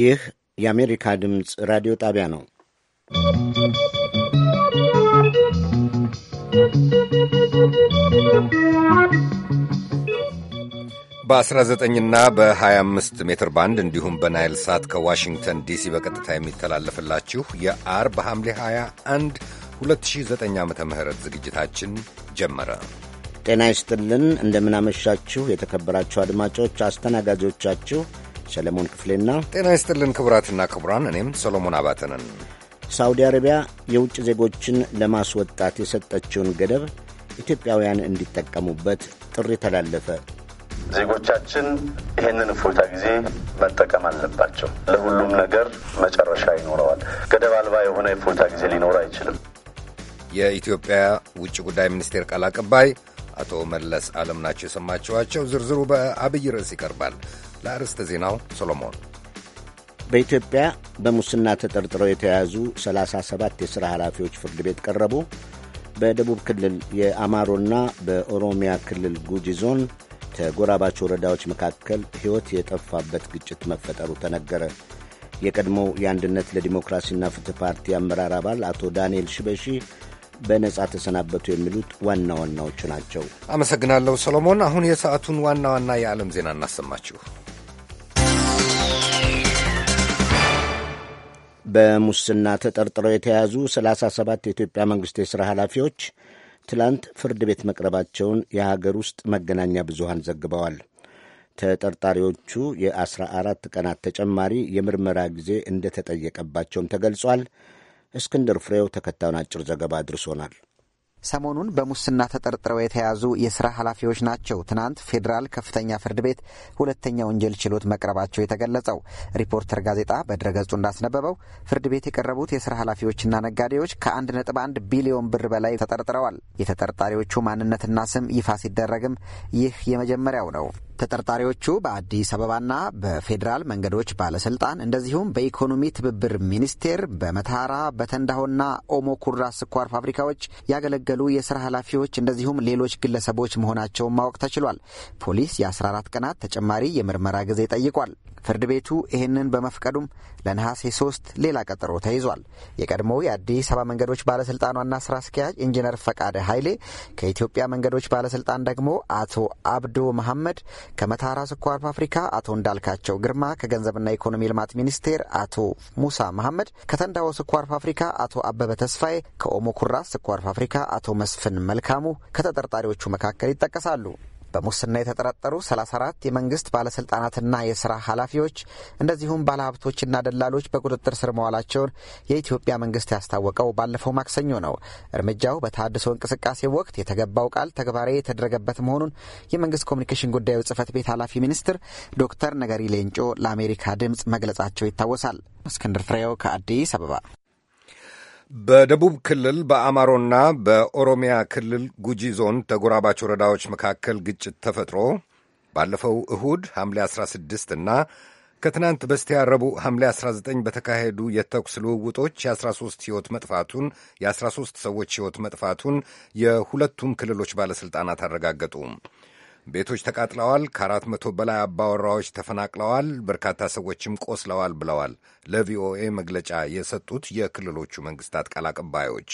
ይህ የአሜሪካ ድምፅ ራዲዮ ጣቢያ ነው። በ19ና በ25 ሜትር ባንድ እንዲሁም በናይል ሳት ከዋሽንግተን ዲሲ በቀጥታ የሚተላለፍላችሁ የአርብ ሐምሌ 21 2009 ዓ ም ዝግጅታችን ጀመረ። ጤና ይስጥልን። እንደምናመሻችሁ የተከበራችሁ አድማጮች አስተናጋጆቻችሁ ሰለሞን ክፍሌና ጤና ይስጥልን ክቡራትና ክቡራን፣ እኔም ሰሎሞን አባተንን ሳውዲ አረቢያ የውጭ ዜጎችን ለማስወጣት የሰጠችውን ገደብ ኢትዮጵያውያን እንዲጠቀሙበት ጥሪ ተላለፈ። ዜጎቻችን ይህንን እፎይታ ጊዜ መጠቀም አለባቸው። ለሁሉም ነገር መጨረሻ ይኖረዋል። ገደብ አልባ የሆነ እፎይታ ጊዜ ሊኖር አይችልም። የኢትዮጵያ ውጭ ጉዳይ ሚኒስቴር ቃል አቀባይ አቶ መለስ አለም ናቸው የሰማችኋቸው። ዝርዝሩ በአብይ ርዕስ ይቀርባል። ለአርዕስተ ዜናው ሰሎሞን። በኢትዮጵያ በሙስና ተጠርጥረው የተያዙ 37 የሥራ ኃላፊዎች ፍርድ ቤት ቀረቡ። በደቡብ ክልል የአማሮና በኦሮሚያ ክልል ጉጂ ዞን ተጎራባች ወረዳዎች መካከል ሕይወት የጠፋበት ግጭት መፈጠሩ ተነገረ። የቀድሞው የአንድነት ለዲሞክራሲና ፍትህ ፓርቲ አመራር አባል አቶ ዳንኤል ሽበሺ በነጻ ተሰናበቱ። የሚሉት ዋና ዋናዎቹ ናቸው። አመሰግናለሁ ሰሎሞን። አሁን የሰዓቱን ዋና ዋና የዓለም ዜና እናሰማችሁ። በሙስና ተጠርጥረው የተያዙ 37 የኢትዮጵያ መንግሥት የሥራ ኃላፊዎች ትላንት ፍርድ ቤት መቅረባቸውን የሀገር ውስጥ መገናኛ ብዙሃን ዘግበዋል። ተጠርጣሪዎቹ የ14 ቀናት ተጨማሪ የምርመራ ጊዜ እንደተጠየቀባቸውም ተገልጿል። እስክንድር ፍሬው ተከታዩን አጭር ዘገባ አድርሶናል። ሰሞኑን በሙስና ተጠርጥረው የተያዙ የስራ ኃላፊዎች ናቸው ትናንት ፌዴራል ከፍተኛ ፍርድ ቤት ሁለተኛ ወንጀል ችሎት መቅረባቸው የተገለጸው። ሪፖርተር ጋዜጣ በድረገጹ እንዳስነበበው ፍርድ ቤት የቀረቡት የስራ ኃላፊዎችና ነጋዴዎች ከ1.1 ቢሊዮን ብር በላይ ተጠርጥረዋል። የተጠርጣሪዎቹ ማንነትና ስም ይፋ ሲደረግም ይህ የመጀመሪያው ነው። ተጠርጣሪዎቹ በአዲስ አበባና በፌዴራል መንገዶች ባለስልጣን እንደዚሁም በኢኮኖሚ ትብብር ሚኒስቴር በመተሃራ በተንዳሆና ኦሞ ኩራ ስኳር ፋብሪካዎች ያገለገሉ የስራ ኃላፊዎች እንደዚሁም ሌሎች ግለሰቦች መሆናቸውን ማወቅ ተችሏል። ፖሊስ የ14 ቀናት ተጨማሪ የምርመራ ጊዜ ጠይቋል። ፍርድ ቤቱ ይህንን በመፍቀዱም ለነሐሴ ሶስት ሌላ ቀጠሮ ተይዟል። የቀድሞው የአዲስ አበባ መንገዶች ባለስልጣን ዋና ስራ አስኪያጅ ኢንጂነር ፈቃደ ኃይሌ ከኢትዮጵያ መንገዶች ባለስልጣን ደግሞ አቶ አብዶ መሐመድ፣ ከመታራ ስኳር ፋብሪካ አቶ እንዳልካቸው ግርማ፣ ከገንዘብና ኢኮኖሚ ልማት ሚኒስቴር አቶ ሙሳ መሐመድ፣ ከተንዳሆ ስኳር ፋብሪካ አቶ አበበ ተስፋዬ፣ ከኦሞ ኩራስ ስኳር ፋብሪካ አቶ መስፍን መልካሙ ከተጠርጣሪዎቹ መካከል ይጠቀሳሉ። በሙስና የተጠረጠሩ 34 የመንግስት ባለስልጣናትና የስራ ኃላፊዎች እንደዚሁም ባለሀብቶችና ደላሎች በቁጥጥር ስር መዋላቸውን የኢትዮጵያ መንግስት ያስታወቀው ባለፈው ማክሰኞ ነው። እርምጃው በተሃድሶ እንቅስቃሴ ወቅት የተገባው ቃል ተግባራዊ የተደረገበት መሆኑን የመንግስት ኮሚኒኬሽን ጉዳዩ ጽህፈት ቤት ኃላፊ ሚኒስትር ዶክተር ነገሪ ሌንጮ ለአሜሪካ ድምፅ መግለጻቸው ይታወሳል። እስክንድር ፍሬው ከአዲስ አበባ በደቡብ ክልል በአማሮና በኦሮሚያ ክልል ጉጂ ዞን ተጎራባች ወረዳዎች መካከል ግጭት ተፈጥሮ ባለፈው እሁድ ሐምሌ 16 እና ከትናንት በስቲያ ረቡዕ ሐምሌ 19 በተካሄዱ የተኩስ ልውውጦች የ13 ሕይወት መጥፋቱን የ13 ሰዎች ሕይወት መጥፋቱን የሁለቱም ክልሎች ባለሥልጣናት አረጋገጡ። ቤቶች ተቃጥለዋል፣ ከአራት መቶ በላይ አባወራዎች ተፈናቅለዋል፣ በርካታ ሰዎችም ቆስለዋል ብለዋል ለቪኦኤ መግለጫ የሰጡት የክልሎቹ መንግስታት ቃል አቀባዮች።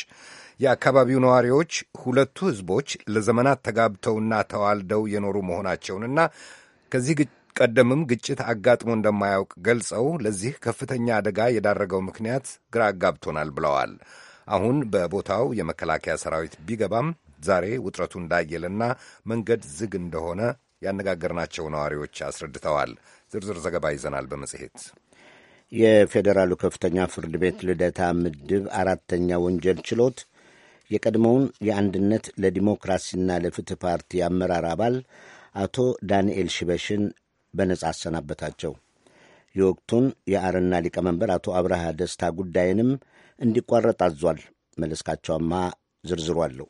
የአካባቢው ነዋሪዎች ሁለቱ ህዝቦች ለዘመናት ተጋብተውና ተዋልደው የኖሩ መሆናቸውንና ከዚህ ቀደምም ግጭት አጋጥሞ እንደማያውቅ ገልጸው ለዚህ ከፍተኛ አደጋ የዳረገው ምክንያት ግራ አጋብቶናል ብለዋል። አሁን በቦታው የመከላከያ ሰራዊት ቢገባም ዛሬ ውጥረቱ እንዳየለና መንገድ ዝግ እንደሆነ ያነጋገርናቸው ነዋሪዎች አስረድተዋል። ዝርዝር ዘገባ ይዘናል በመጽሔት። የፌዴራሉ ከፍተኛ ፍርድ ቤት ልደታ ምድብ አራተኛ ወንጀል ችሎት የቀድሞውን የአንድነት ለዲሞክራሲና ለፍትህ ፓርቲ አመራር አባል አቶ ዳንኤል ሽበሽን በነጻ አሰናበታቸው። የወቅቱን የአረና ሊቀመንበር አቶ አብርሃ ደስታ ጉዳይንም እንዲቋረጥ አዟል። መለስካቸውማ ዝርዝሩ አለው።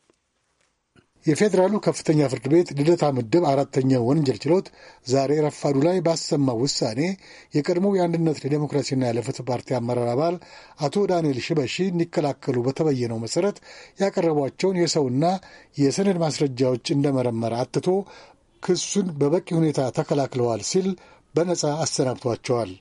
የፌዴራሉ ከፍተኛ ፍርድ ቤት ልደታ ምድብ አራተኛ ወንጀል ችሎት ዛሬ ረፋዱ ላይ ባሰማው ውሳኔ የቀድሞው የአንድነት ለዲሞክራሲና ለፍትህ ፓርቲ አመራር አባል አቶ ዳንኤል ሽበሺ እንዲከላከሉ በተበየነው መሰረት ያቀረቧቸውን የሰውና የሰነድ ማስረጃዎች እንደመረመረ አትቶ ክሱን በበቂ ሁኔታ ተከላክለዋል ሲል በነጻ አሰናብቷቸዋል።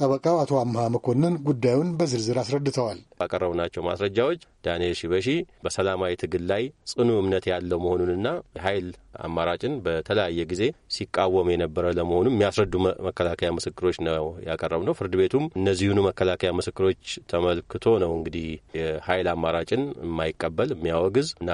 ጠበቃው አቶ አምሃ መኮንን ጉዳዩን በዝርዝር አስረድተዋል። ባቀረብናቸው ማስረጃዎች ዳንኤል ሺበሺ በሰላማዊ ትግል ላይ ጽኑ እምነት ያለው መሆኑንና ኃይል አማራጭን በተለያየ ጊዜ ሲቃወም የነበረ ለመሆኑ የሚያስረዱ መከላከያ ምስክሮች ነው ያቀረብ ነው። ፍርድ ቤቱም እነዚሁኑ መከላከያ ምስክሮች ተመልክቶ ነው እንግዲህ የኃይል አማራጭን የማይቀበል የሚያወግዝ እና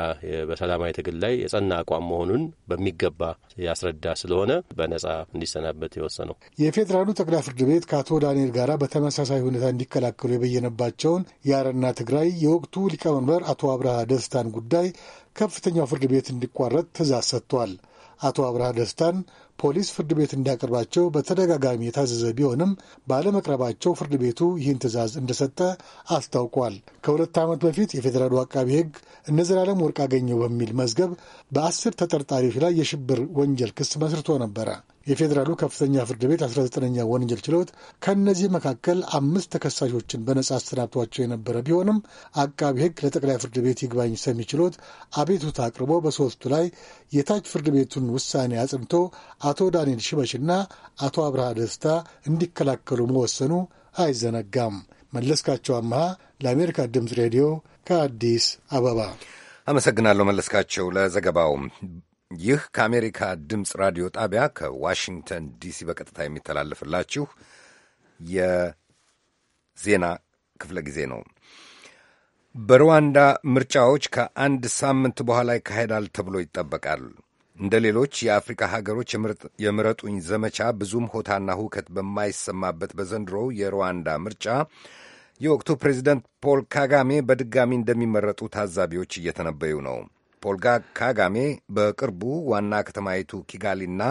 በሰላማዊ ትግል ላይ የጸና አቋም መሆኑን በሚገባ ያስረዳ ስለሆነ በነጻ እንዲሰናበት የወሰነው የፌዴራሉ ጠቅላይ ፍርድ ቤት ከአቶ ዳንኤል ጋራ በተመሳሳይ ሁኔታ እንዲከላከሉ የበየነባቸውን የአረና ትግራይ የወቅቱ ሊቀመንበር አቶ አብርሃ ደስታን ጉዳይ ከፍተኛው ፍርድ ቤት እንዲቋረጥ ትእዛዝ ሰጥቷል። አቶ አብርሃ ደስታን ፖሊስ ፍርድ ቤት እንዲያቀርባቸው በተደጋጋሚ የታዘዘ ቢሆንም ባለመቅረባቸው ፍርድ ቤቱ ይህን ትዕዛዝ እንደሰጠ አስታውቋል። ከሁለት ዓመት በፊት የፌዴራሉ አቃቢ ሕግ እነ ዘላለም ወርቅ አገኘው በሚል መዝገብ በአስር ተጠርጣሪዎች ላይ የሽብር ወንጀል ክስ መስርቶ ነበረ። የፌዴራሉ ከፍተኛ ፍርድ ቤት 19ኛ ወንጀል ችሎት ከእነዚህ መካከል አምስት ተከሳሾችን በነጻ አሰናብቷቸው የነበረ ቢሆንም አቃቢ ሕግ ለጠቅላይ ፍርድ ቤት ይግባኝ ሰሚ ችሎት አቤቱታ አቅርቦ በሦስቱ ላይ የታች ፍርድ ቤቱን ውሳኔ አጽንቶ አቶ ዳንኤል ሽበሽና አቶ አብርሃ ደስታ እንዲከላከሉ መወሰኑ አይዘነጋም። መለስካቸው አመሃ ለአሜሪካ ድምፅ ሬዲዮ ከአዲስ አበባ አመሰግናለሁ። መለስካቸው ለዘገባው። ይህ ከአሜሪካ ድምፅ ራዲዮ ጣቢያ ከዋሽንግተን ዲሲ በቀጥታ የሚተላለፍላችሁ የዜና ክፍለ ጊዜ ነው። በሩዋንዳ ምርጫዎች ከአንድ ሳምንት በኋላ ይካሄዳል ተብሎ ይጠበቃል። እንደ ሌሎች የአፍሪካ ሀገሮች የምረጡኝ ዘመቻ ብዙም ሆታና ሁከት በማይሰማበት በዘንድሮው የሩዋንዳ ምርጫ የወቅቱ ፕሬዚደንት ፖል ካጋሜ በድጋሚ እንደሚመረጡ ታዛቢዎች እየተነበዩ ነው። ፖል ካጋሜ በቅርቡ ዋና ከተማይቱ ኪጋሊና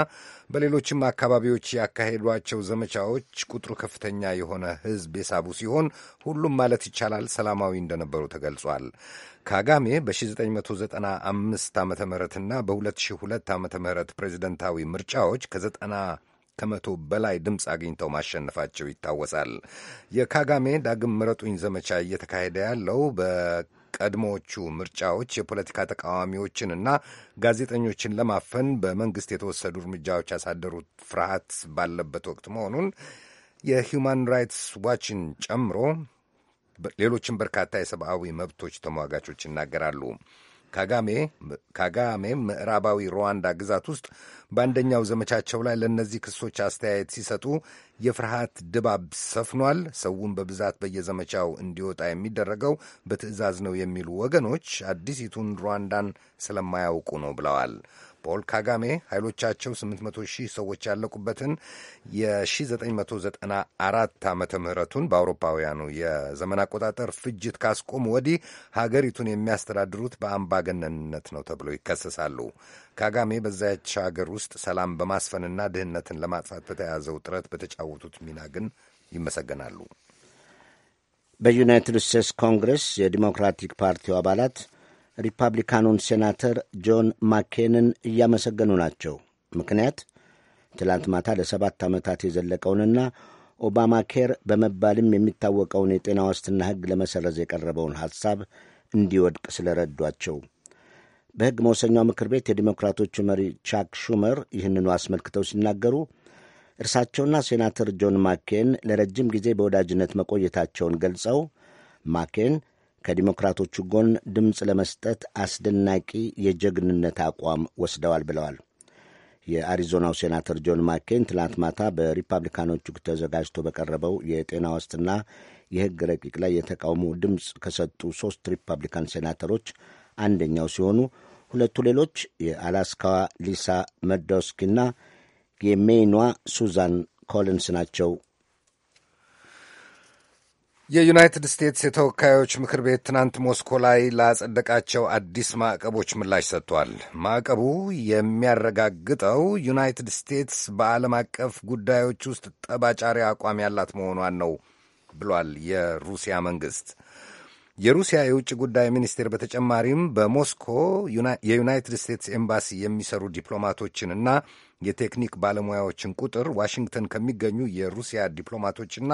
በሌሎችም አካባቢዎች ያካሄዷቸው ዘመቻዎች ቁጥሩ ከፍተኛ የሆነ ሕዝብ የሳቡ ሲሆን ሁሉም ማለት ይቻላል ሰላማዊ እንደነበሩ ተገልጿል። ካጋሜ በ1995 ዓ ምና በ2002 ዓ ም ፕሬዚደንታዊ ምርጫዎች 9 ከመቶ በላይ ድምፅ አግኝተው ማሸነፋቸው ይታወሳል። የካጋሜ ዳግም ምረጡኝ ዘመቻ እየተካሄደ ያለው በቀድሞዎቹ ምርጫዎች የፖለቲካ ተቃዋሚዎችንና ጋዜጠኞችን ለማፈን በመንግሥት የተወሰዱ እርምጃዎች ያሳደሩት ፍርሃት ባለበት ወቅት መሆኑን የሂውማን ራይትስ ዋችን ጨምሮ ሌሎችም በርካታ የሰብአዊ መብቶች ተሟጋቾች ይናገራሉ። ካጋሜ ምዕራባዊ ሩዋንዳ ግዛት ውስጥ በአንደኛው ዘመቻቸው ላይ ለእነዚህ ክሶች አስተያየት ሲሰጡ የፍርሃት ድባብ ሰፍኗል፣ ሰውን በብዛት በየዘመቻው እንዲወጣ የሚደረገው በትዕዛዝ ነው የሚሉ ወገኖች አዲሲቱን ሩዋንዳን ስለማያውቁ ነው ብለዋል። ፖል ካጋሜ ኃይሎቻቸው 800 ሺህ ሰዎች ያለቁበትን የ1994 ዓመተ ምህረቱን በአውሮፓውያኑ የዘመን አቆጣጠር ፍጅት ካስቆሙ ወዲህ ሀገሪቱን የሚያስተዳድሩት በአምባገነንነት ነው ተብሎ ይከሰሳሉ። ካጋሜ በዚያች ሀገር ውስጥ ሰላም በማስፈንና ድህነትን ለማጥፋት በተያያዘው ጥረት በተጫወቱት ሚና ግን ይመሰገናሉ። በዩናይትድ ስቴትስ ኮንግረስ የዲሞክራቲክ ፓርቲው አባላት ሪፐብሊካኑን ሴናተር ጆን ማኬንን እያመሰገኑ ናቸው። ምክንያት ትላንት ማታ ለሰባት ዓመታት የዘለቀውንና ኦባማ ኬር በመባልም የሚታወቀውን የጤና ዋስትና ሕግ ለመሰረዝ የቀረበውን ሐሳብ እንዲወድቅ ስለረዷቸው። በሕግ መወሰኛው ምክር ቤት የዲሞክራቶቹ መሪ ቻክ ሹመር ይህንኑ አስመልክተው ሲናገሩ እርሳቸውና ሴናተር ጆን ማኬን ለረጅም ጊዜ በወዳጅነት መቆየታቸውን ገልጸው ማኬን ከዲሞክራቶቹ ጎን ድምፅ ለመስጠት አስደናቂ የጀግንነት አቋም ወስደዋል ብለዋል። የአሪዞናው ሴናተር ጆን ማኬን ትላንት ማታ በሪፐብሊካኖቹ ተዘጋጅቶ በቀረበው የጤና ዋስትና የሕግ ረቂቅ ላይ የተቃውሞ ድምፅ ከሰጡ ሦስት ሪፐብሊካን ሴናተሮች አንደኛው ሲሆኑ ሁለቱ ሌሎች የአላስካዋ ሊሳ መዶስኪና የሜይኗ ሱዛን ኮሊንስ ናቸው። የዩናይትድ ስቴትስ የተወካዮች ምክር ቤት ትናንት ሞስኮ ላይ ላጸደቃቸው አዲስ ማዕቀቦች ምላሽ ሰጥቷል። ማዕቀቡ የሚያረጋግጠው ዩናይትድ ስቴትስ በዓለም አቀፍ ጉዳዮች ውስጥ ጠባጫሪ አቋም ያላት መሆኗን ነው ብሏል የሩሲያ መንግሥት። የሩሲያ የውጭ ጉዳይ ሚኒስቴር በተጨማሪም በሞስኮ የዩናይትድ ስቴትስ ኤምባሲ የሚሰሩ ዲፕሎማቶችንና የቴክኒክ ባለሙያዎችን ቁጥር ዋሽንግተን ከሚገኙ የሩሲያ ዲፕሎማቶችና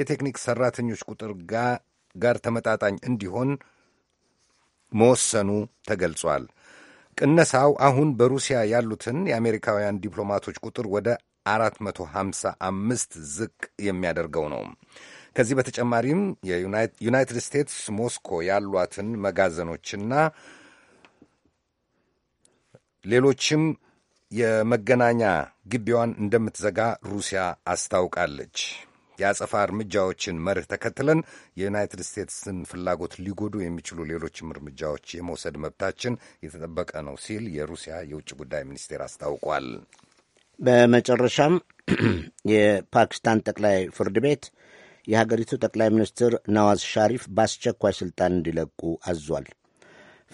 የቴክኒክ ሰራተኞች ቁጥር ጋር ተመጣጣኝ እንዲሆን መወሰኑ ተገልጿል። ቅነሳው አሁን በሩሲያ ያሉትን የአሜሪካውያን ዲፕሎማቶች ቁጥር ወደ 455 ዝቅ የሚያደርገው ነው። ከዚህ በተጨማሪም የዩናይትድ ስቴትስ ሞስኮ ያሏትን መጋዘኖችና ሌሎችም የመገናኛ ግቢዋን እንደምትዘጋ ሩሲያ አስታውቃለች። የአጸፋ እርምጃዎችን መርህ ተከትለን የዩናይትድ ስቴትስን ፍላጎት ሊጎዱ የሚችሉ ሌሎችም እርምጃዎች የመውሰድ መብታችን የተጠበቀ ነው ሲል የሩሲያ የውጭ ጉዳይ ሚኒስቴር አስታውቋል። በመጨረሻም የፓኪስታን ጠቅላይ ፍርድ ቤት የሀገሪቱ ጠቅላይ ሚኒስትር ነዋዝ ሻሪፍ በአስቸኳይ ስልጣን እንዲለቁ አዟል።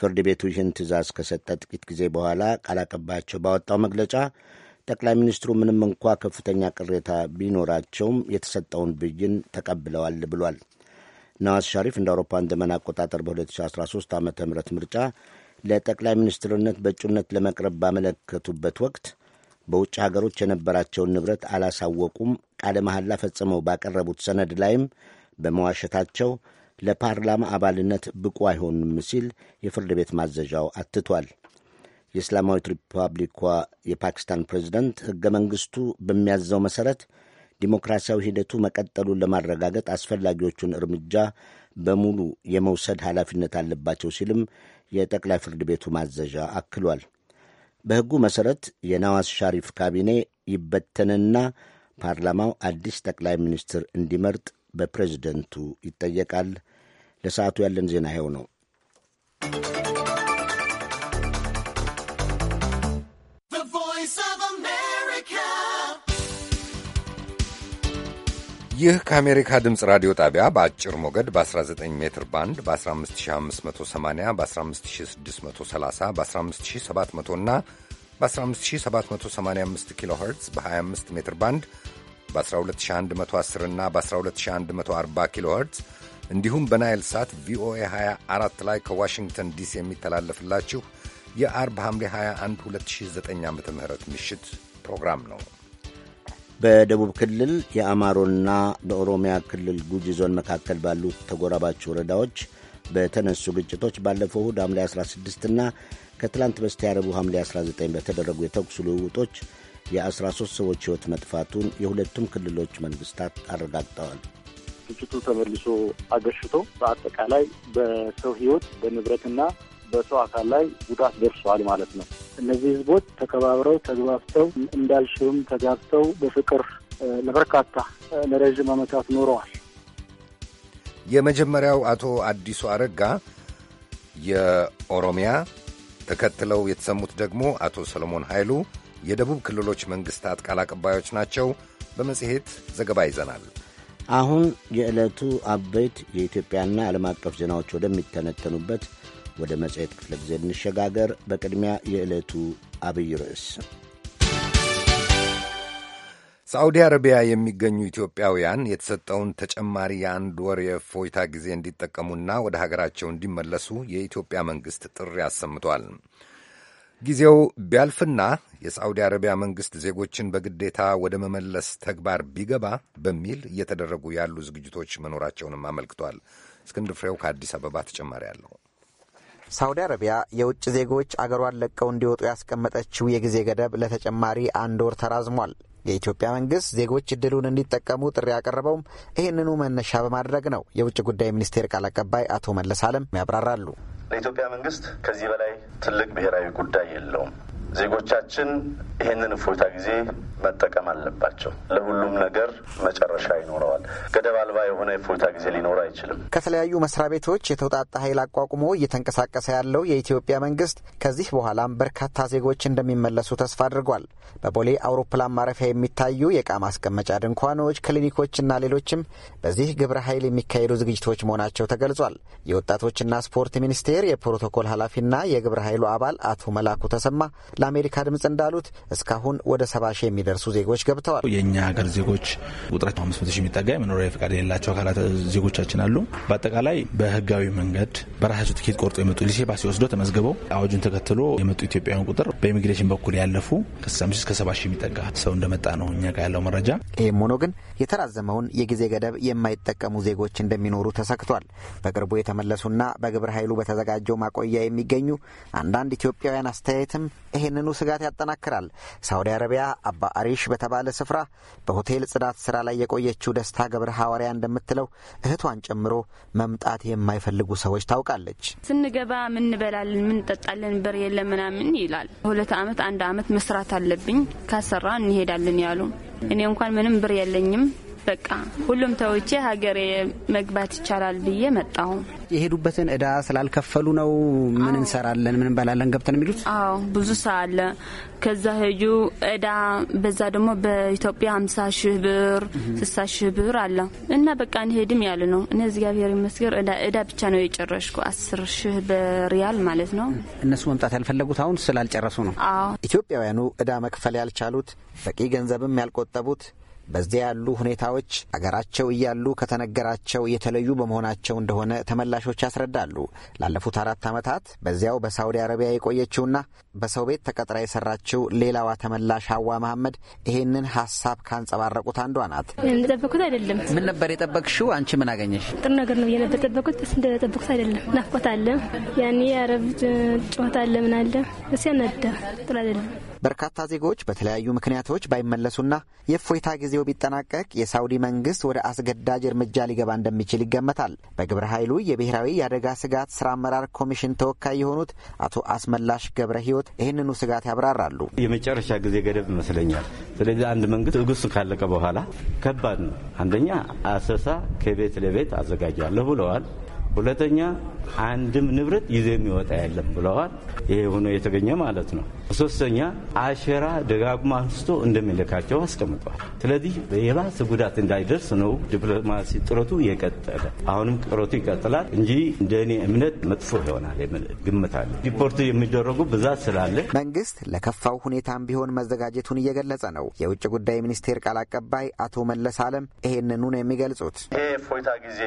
ፍርድ ቤቱ ይህን ትዕዛዝ ከሰጠ ጥቂት ጊዜ በኋላ ቃል አቀባያቸው ባወጣው መግለጫ ጠቅላይ ሚኒስትሩ ምንም እንኳ ከፍተኛ ቅሬታ ቢኖራቸውም የተሰጠውን ብይን ተቀብለዋል ብሏል። ነዋዝ ሻሪፍ እንደ አውሮፓውያን ዘመን አቆጣጠር በ2013 ዓ ም ምርጫ ለጠቅላይ ሚኒስትርነት በእጩነት ለመቅረብ ባመለከቱበት ወቅት በውጭ ሀገሮች የነበራቸውን ንብረት አላሳወቁም፣ ቃለ መሐላ ፈጽመው ባቀረቡት ሰነድ ላይም በመዋሸታቸው ለፓርላማ አባልነት ብቁ አይሆንም ሲል የፍርድ ቤት ማዘዣው አትቷል። የእስላማዊት ሪፐብሊኳ የፓኪስታን ፕሬዚደንት ሕገ መንግሥቱ በሚያዘው መሠረት ዲሞክራሲያዊ ሂደቱ መቀጠሉን ለማረጋገጥ አስፈላጊዎቹን እርምጃ በሙሉ የመውሰድ ኃላፊነት አለባቸው ሲልም የጠቅላይ ፍርድ ቤቱ ማዘዣ አክሏል። በሕጉ መሠረት የናዋዝ ሻሪፍ ካቢኔ ይበተንና ፓርላማው አዲስ ጠቅላይ ሚኒስትር እንዲመርጥ በፕሬዝደንቱ ይጠየቃል። ለሰዓቱ ያለን ዜና ይኸው ነው። ይህ ከአሜሪካ ድምፅ ራዲዮ ጣቢያ በአጭር ሞገድ በ19 ሜትር ባንድ በ15580 በ15630 በ15700 እና በ15785 ኪሎ ኸርትዝ በ25 ሜትር ባንድ በ12110 እና በ12140 ኪሎ ኸርትዝ እንዲሁም በናይል ሳት ቪኦኤ 24 ላይ ከዋሽንግተን ዲሲ የሚተላለፍላችሁ የአርብ ሐምሌ 21 2009 ዓ ም ምሽት ፕሮግራም ነው። በደቡብ ክልል የአማሮና በኦሮሚያ ክልል ጉጂ ዞን መካከል ባሉ ተጎራባች ወረዳዎች በተነሱ ግጭቶች ባለፈው እሁድ ሐምሌ 16ና ከትላንት በስቲያ ረቡዕ ሐምሌ 19 በተደረጉ የተኩስ ልውውጦች የ13 ሰዎች ሕይወት መጥፋቱን የሁለቱም ክልሎች መንግስታት አረጋግጠዋል። ግጭቱ ተመልሶ አገርሽቶ በአጠቃላይ በሰው ሕይወት በንብረትና በሰው አካል ላይ ጉዳት ደርሷል ማለት ነው። እነዚህ ህዝቦች ተከባብረው ተግባብተው እንዳልሽውም ተጋብተው በፍቅር ለበርካታ ለረዥም ዓመታት ኖረዋል። የመጀመሪያው አቶ አዲሱ አረጋ የኦሮሚያ ተከትለው የተሰሙት ደግሞ አቶ ሰለሞን ኃይሉ የደቡብ ክልሎች መንግሥታት ቃል አቀባዮች ናቸው። በመጽሔት ዘገባ ይዘናል። አሁን የዕለቱ አበይት የኢትዮጵያና ዓለም አቀፍ ዜናዎች ወደሚተነተኑበት ወደ መጽሔት ክፍለ ጊዜ እንሸጋገር። በቅድሚያ የዕለቱ አብይ ርዕስ ሳዑዲ አረቢያ የሚገኙ ኢትዮጵያውያን የተሰጠውን ተጨማሪ የአንድ ወር የእፎይታ ጊዜ እንዲጠቀሙና ወደ ሀገራቸው እንዲመለሱ የኢትዮጵያ መንግሥት ጥሪ አሰምቷል። ጊዜው ቢያልፍና የሳዑዲ አረቢያ መንግሥት ዜጎችን በግዴታ ወደ መመለስ ተግባር ቢገባ በሚል እየተደረጉ ያሉ ዝግጅቶች መኖራቸውንም አመልክቷል። እስክንድር ፍሬው ከአዲስ አበባ ተጨማሪ አለው። ሳውዲ አረቢያ የውጭ ዜጎች አገሯን ለቀው እንዲወጡ ያስቀመጠችው የጊዜ ገደብ ለተጨማሪ አንድ ወር ተራዝሟል። የኢትዮጵያ መንግስት ዜጎች እድሉን እንዲጠቀሙ ጥሪ ያቀረበውም ይህንኑ መነሻ በማድረግ ነው። የውጭ ጉዳይ ሚኒስቴር ቃል አቀባይ አቶ መለስ አለም ያብራራሉ። የኢትዮጵያ መንግስት ከዚህ በላይ ትልቅ ብሔራዊ ጉዳይ የለውም። ዜጎቻችን ይህንን እፎይታ ጊዜ መጠቀም አለባቸው። ለሁሉም ነገር መጨረሻ ይኖረዋል። ገደብ አልባ የሆነ የእፎይታ ጊዜ ሊኖር አይችልም። ከተለያዩ መስሪያ ቤቶች የተውጣጣ ኃይል አቋቁሞ እየተንቀሳቀሰ ያለው የኢትዮጵያ መንግስት ከዚህ በኋላም በርካታ ዜጎች እንደሚመለሱ ተስፋ አድርጓል። በቦሌ አውሮፕላን ማረፊያ የሚታዩ የእቃ ማስቀመጫ ድንኳኖች፣ ክሊኒኮችና ሌሎችም በዚህ ግብረ ኃይል የሚካሄዱ ዝግጅቶች መሆናቸው ተገልጿል። የወጣቶችና ስፖርት ሚኒስቴር የፕሮቶኮል ኃላፊና የግብረ ኃይሉ አባል አቶ መላኩ ተሰማ ለአሜሪካ ድምፅ እንዳሉት እስካሁን ወደ ሰባ ሺህ የሚደርሱ ዜጎች ገብተዋል። የእኛ ሀገር ዜጎች ቁጥራቸው አምስት መቶ ሺህ የሚጠጋ የመኖሪያ ፈቃድ የሌላቸው አካላት ዜጎቻችን አሉ። በአጠቃላይ በህጋዊ መንገድ በራሳቸው ትኬት ቆርጦ የመጡ ሊሴባ ሲወስዶ ተመዝግበው አዋጁን ተከትሎ የመጡ ኢትዮጵያውያን ቁጥር በኢሚግሬሽን በኩል ያለፉ ከስልሳ አምስት ከሰባ ሺህ የሚጠጋ ሰው እንደመጣ ነው እኛ ጋር ያለው መረጃ። ይህም ሆኖ ግን የተራዘመውን የጊዜ ገደብ የማይጠቀሙ ዜጎች እንደሚኖሩ ተሰክቷል። በቅርቡ የተመለሱና በግብረ ኃይሉ በተዘጋጀው ማቆያ የሚገኙ አንዳንድ ኢትዮጵያውያን አስተያየትም ይሄ ይህንኑ ስጋት ያጠናክራል። ሳውዲ አረቢያ አባ አሪሽ በተባለ ስፍራ በሆቴል ጽዳት ስራ ላይ የቆየችው ደስታ ገብረ ሐዋርያ እንደምትለው እህቷን ጨምሮ መምጣት የማይፈልጉ ሰዎች ታውቃለች። ስንገባ ምንበላለን፣ ምንጠጣለን ብር የለም ምናምን ይላል። ሁለት አመት አንድ አመት መስራት አለብኝ ካሰራ እንሄዳለን ያሉ እኔ እንኳን ምንም ብር የለኝም በቃ ሁሉም ተውቼ ሀገሬ መግባት ይቻላል ብዬ መጣሁ። የሄዱበትን እዳ ስላልከፈሉ ነው ምን እንሰራለን ምን እንበላለን ገብተን የሚሉት? አዎ ብዙ ሰው አለ። ከዛ ህዩ እዳ በዛ ደግሞ በኢትዮጵያ ሀምሳ ሺህ ብር ስሳ ሺህ ብር አለ እና በቃ እንሄድም ያሉ ነው። እኔ እግዚአብሔር ይመስገን እዳ ብቻ ነው የጨረሽኩ አስር ሺህ በሪያል ማለት ነው። እነሱ መምጣት ያልፈለጉት አሁን ስላልጨረሱ ነው። ኢትዮጵያውያኑ እዳ መክፈል ያልቻሉት በቂ ገንዘብም ያልቆጠቡት በዚያ ያሉ ሁኔታዎች አገራቸው እያሉ ከተነገራቸው የተለዩ በመሆናቸው እንደሆነ ተመላሾች ያስረዳሉ። ላለፉት አራት ዓመታት በዚያው በሳውዲ አረቢያ የቆየችውና በሰው ቤት ተቀጥራ የሰራችው ሌላዋ ተመላሽ ሀዋ መሐመድ ይሄንን ሀሳብ ካንጸባረቁት አንዷ ናት። እንደጠበኩት አይደለም። ምን ነበር የጠበቅሽው? አንቺ ምን አገኘሽ? ጥሩ ነገር ነው ብዬ ነበር የጠበኩት። እንደጠበኩት አይደለም። ናፍቆት አለ፣ ያኔ የአረብ ጨዋታ አለ፣ ምን አለ እስ ያናዳ ጥሩ አይደለም። በርካታ ዜጎች በተለያዩ ምክንያቶች ባይመለሱና የእፎይታ ጊዜው ቢጠናቀቅ የሳውዲ መንግስት ወደ አስገዳጅ እርምጃ ሊገባ እንደሚችል ይገመታል። በግብረ ኃይሉ የብሔራዊ የአደጋ ስጋት ስራ አመራር ኮሚሽን ተወካይ የሆኑት አቶ አስመላሽ ገብረ ህይወት ይህንኑ ስጋት ያብራራሉ። የመጨረሻ ጊዜ ገደብ ይመስለኛል። ስለዚህ አንድ መንግስት ትዕግስቱ ካለቀ በኋላ ከባድ ነው። አንደኛ አሰሳ ከቤት ለቤት አዘጋጃለሁ ብለዋል። ሁለተኛ አንድም ንብረት ይዞ የሚወጣ የለም ብለዋል። ይሄ ሆኖ የተገኘ ማለት ነው። ሶስተኛ አሸራ ደጋግሞ አንስቶ እንደሚልካቸው አስቀምጧል። ስለዚህ የባሰ ጉዳት እንዳይደርስ ነው ዲፕሎማሲ ጥረቱ የቀጠለ አሁንም ጥረቱ ይቀጥላል እንጂ እንደ እኔ እምነት መጥፎ ይሆናል ግምት አለ። የሚደረጉ ብዛት ስላለ መንግስት ለከፋው ሁኔታም ቢሆን መዘጋጀቱን እየገለጸ ነው። የውጭ ጉዳይ ሚኒስቴር ቃል አቀባይ አቶ መለስ አለም ይሄንኑ ነው የሚገልጹት። ይሄ ፎይታ ጊዜ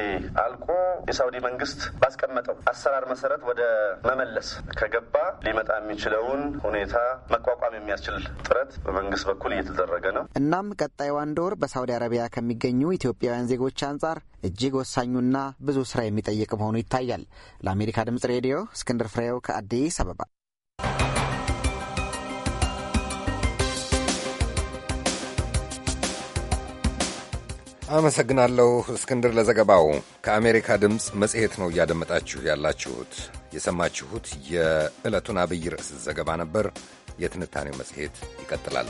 አልቆ የሳውዲ መንግስት ባስቀመጠው አሰራር መሰረት ወደ መመለስ ከገባ ሊመጣ የሚችለውን ሁኔታ ሁኔታ መቋቋም የሚያስችል ጥረት በመንግስት በኩል እየተደረገ ነው። እናም ቀጣይ አንድ ወር በሳውዲ አረቢያ ከሚገኙ ኢትዮጵያውያን ዜጎች አንጻር እጅግ ወሳኙና ብዙ ስራ የሚጠይቅ መሆኑ ይታያል። ለአሜሪካ ድምጽ ሬዲዮ እስክንድር ፍሬው ከአዲስ አበባ አመሰግናለሁ እስክንድር ለዘገባው። ከአሜሪካ ድምፅ መጽሔት ነው እያደመጣችሁ ያላችሁት። የሰማችሁት የዕለቱን አብይ ርዕስ ዘገባ ነበር። የትንታኔው መጽሔት ይቀጥላል።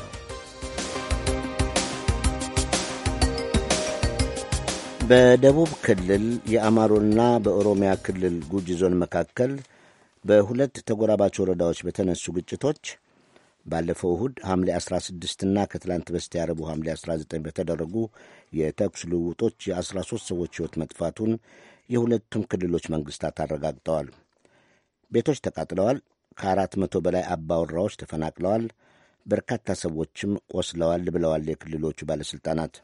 በደቡብ ክልል የአማሮና በኦሮሚያ ክልል ጉጂ ዞን መካከል በሁለት ተጎራባች ወረዳዎች በተነሱ ግጭቶች ባለፈው እሁድ ሐምሌ 16ና ከትላንት በስቲያ ረቡዕ ሐምሌ 19 በተደረጉ የተኩስ ልውውጦች የ13 ሰዎች ሕይወት መጥፋቱን የሁለቱም ክልሎች መንግሥታት አረጋግጠዋል። ቤቶች ተቃጥለዋል። ከአራት መቶ በላይ አባወራዎች ተፈናቅለዋል። በርካታ ሰዎችም ቆስለዋል ብለዋል የክልሎቹ ባለሥልጣናት።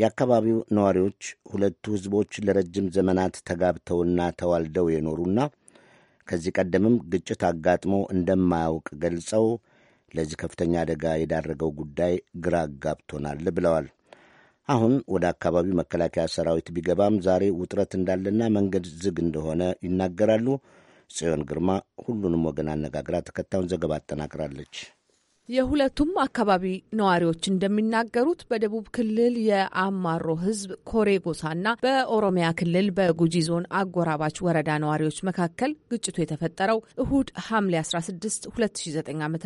የአካባቢው ነዋሪዎች ሁለቱ ሕዝቦች ለረጅም ዘመናት ተጋብተውና ተዋልደው የኖሩና ከዚህ ቀደምም ግጭት አጋጥሞ እንደማያውቅ ገልጸው ለዚህ ከፍተኛ አደጋ የዳረገው ጉዳይ ግራ ጋብቶናል ብለዋል። አሁን ወደ አካባቢው መከላከያ ሰራዊት ቢገባም ዛሬ ውጥረት እንዳለና መንገድ ዝግ እንደሆነ ይናገራሉ። ጽዮን ግርማ ሁሉንም ወገን አነጋግራ ተከታዩን ዘገባ አጠናቅራለች። የሁለቱም አካባቢ ነዋሪዎች እንደሚናገሩት በደቡብ ክልል የአማሮ ሕዝብ ኮሬ ጎሳና በኦሮሚያ ክልል በጉጂ ዞን አጎራባች ወረዳ ነዋሪዎች መካከል ግጭቱ የተፈጠረው እሁድ ሐምሌ 16 2009 ዓ ም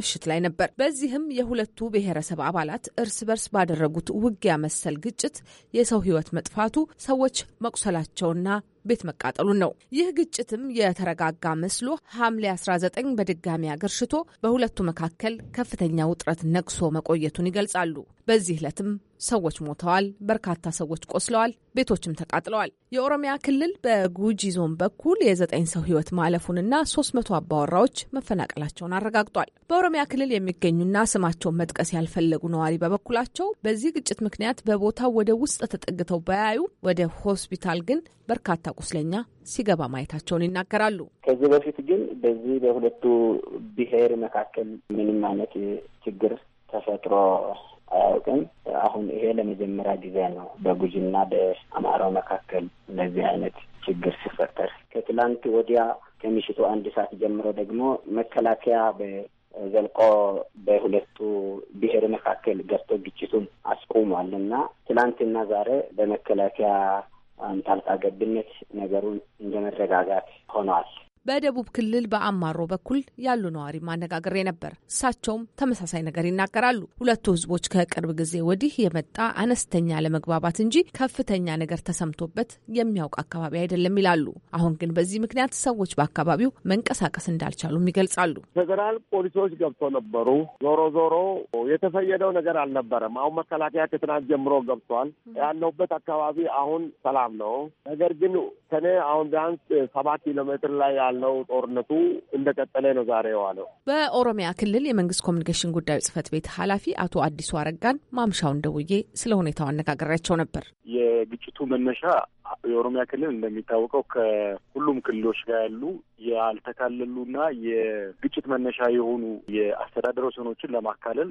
ምሽት ላይ ነበር። በዚህም የሁለቱ ብሔረሰብ አባላት እርስ በርስ ባደረጉት ውጊያ መሰል ግጭት የሰው ሕይወት መጥፋቱ ሰዎች መቁሰላቸውና ቤት መቃጠሉን ነው። ይህ ግጭትም የተረጋጋ መስሎ ሐምሌ 19 በድጋሚ አገርሽቶ በሁለቱ መካከል ከፍተኛ ውጥረት ነግሶ መቆየቱን ይገልጻሉ። በዚህ ዕለትም ሰዎች ሞተዋል፣ በርካታ ሰዎች ቆስለዋል፣ ቤቶችም ተቃጥለዋል። የኦሮሚያ ክልል በጉጂ ዞን በኩል የዘጠኝ ሰው ሕይወት ማለፉንና ሶስት መቶ አባወራዎች መፈናቀላቸውን አረጋግጧል። በኦሮሚያ ክልል የሚገኙና ስማቸውን መጥቀስ ያልፈለጉ ነዋሪ በበኩላቸው በዚህ ግጭት ምክንያት በቦታው ወደ ውስጥ ተጠግተው በያዩ ወደ ሆስፒታል ግን በርካታ ቁስለኛ ሲገባ ማየታቸውን ይናገራሉ። ከዚህ በፊት ግን በዚህ በሁለቱ ብሔር መካከል ምንም አይነት ችግር ተፈጥሮ አያውቅም። አሁን ይሄ ለመጀመሪያ ጊዜ ነው በጉጂና በአማራው መካከል እንደዚህ አይነት ችግር ሲፈጠር። ከትላንት ወዲያ ከምሽቱ አንድ ሰዓት ጀምሮ ደግሞ መከላከያ ዘልቆ በሁለቱ ብሔር መካከል ገብቶ ግጭቱን አስቆሟል እና ትላንትና ዛሬ በመከላከያ ጣልቃ ገብነት ነገሩን እንደ መረጋጋት ሆኗል። በደቡብ ክልል በአማሮ በኩል ያሉ ነዋሪ ማነጋገሬ ነበር። እሳቸውም ተመሳሳይ ነገር ይናገራሉ። ሁለቱ ህዝቦች ከቅርብ ጊዜ ወዲህ የመጣ አነስተኛ ለመግባባት እንጂ ከፍተኛ ነገር ተሰምቶበት የሚያውቅ አካባቢ አይደለም ይላሉ። አሁን ግን በዚህ ምክንያት ሰዎች በአካባቢው መንቀሳቀስ እንዳልቻሉም ይገልጻሉ። ፌዴራል ፖሊሶች ገብቶ ነበሩ። ዞሮ ዞሮ የተፈየደው ነገር አልነበረም። አሁን መከላከያ ከትናንት ጀምሮ ገብቷል። ያለሁበት አካባቢ አሁን ሰላም ነው። ነገር ግን ከኔ አሁን ቢያንስ ሰባት ኪሎ ሜትር ላይ ያልነው ጦርነቱ እንደቀጠለ ነው ዛሬ የዋለው። በኦሮሚያ ክልል የመንግስት ኮሚኒኬሽን ጉዳዮች ጽህፈት ቤት ኃላፊ አቶ አዲሱ አረጋን ማምሻውን ደውዬ ስለ ሁኔታው አነጋግሬያቸው ነበር። የግጭቱ መነሻ የኦሮሚያ ክልል እንደሚታወቀው ከሁሉም ክልሎች ጋር ያሉ ያልተካለሉና የግጭት መነሻ የሆኑ የአስተዳደር ወሰኖችን ለማካለል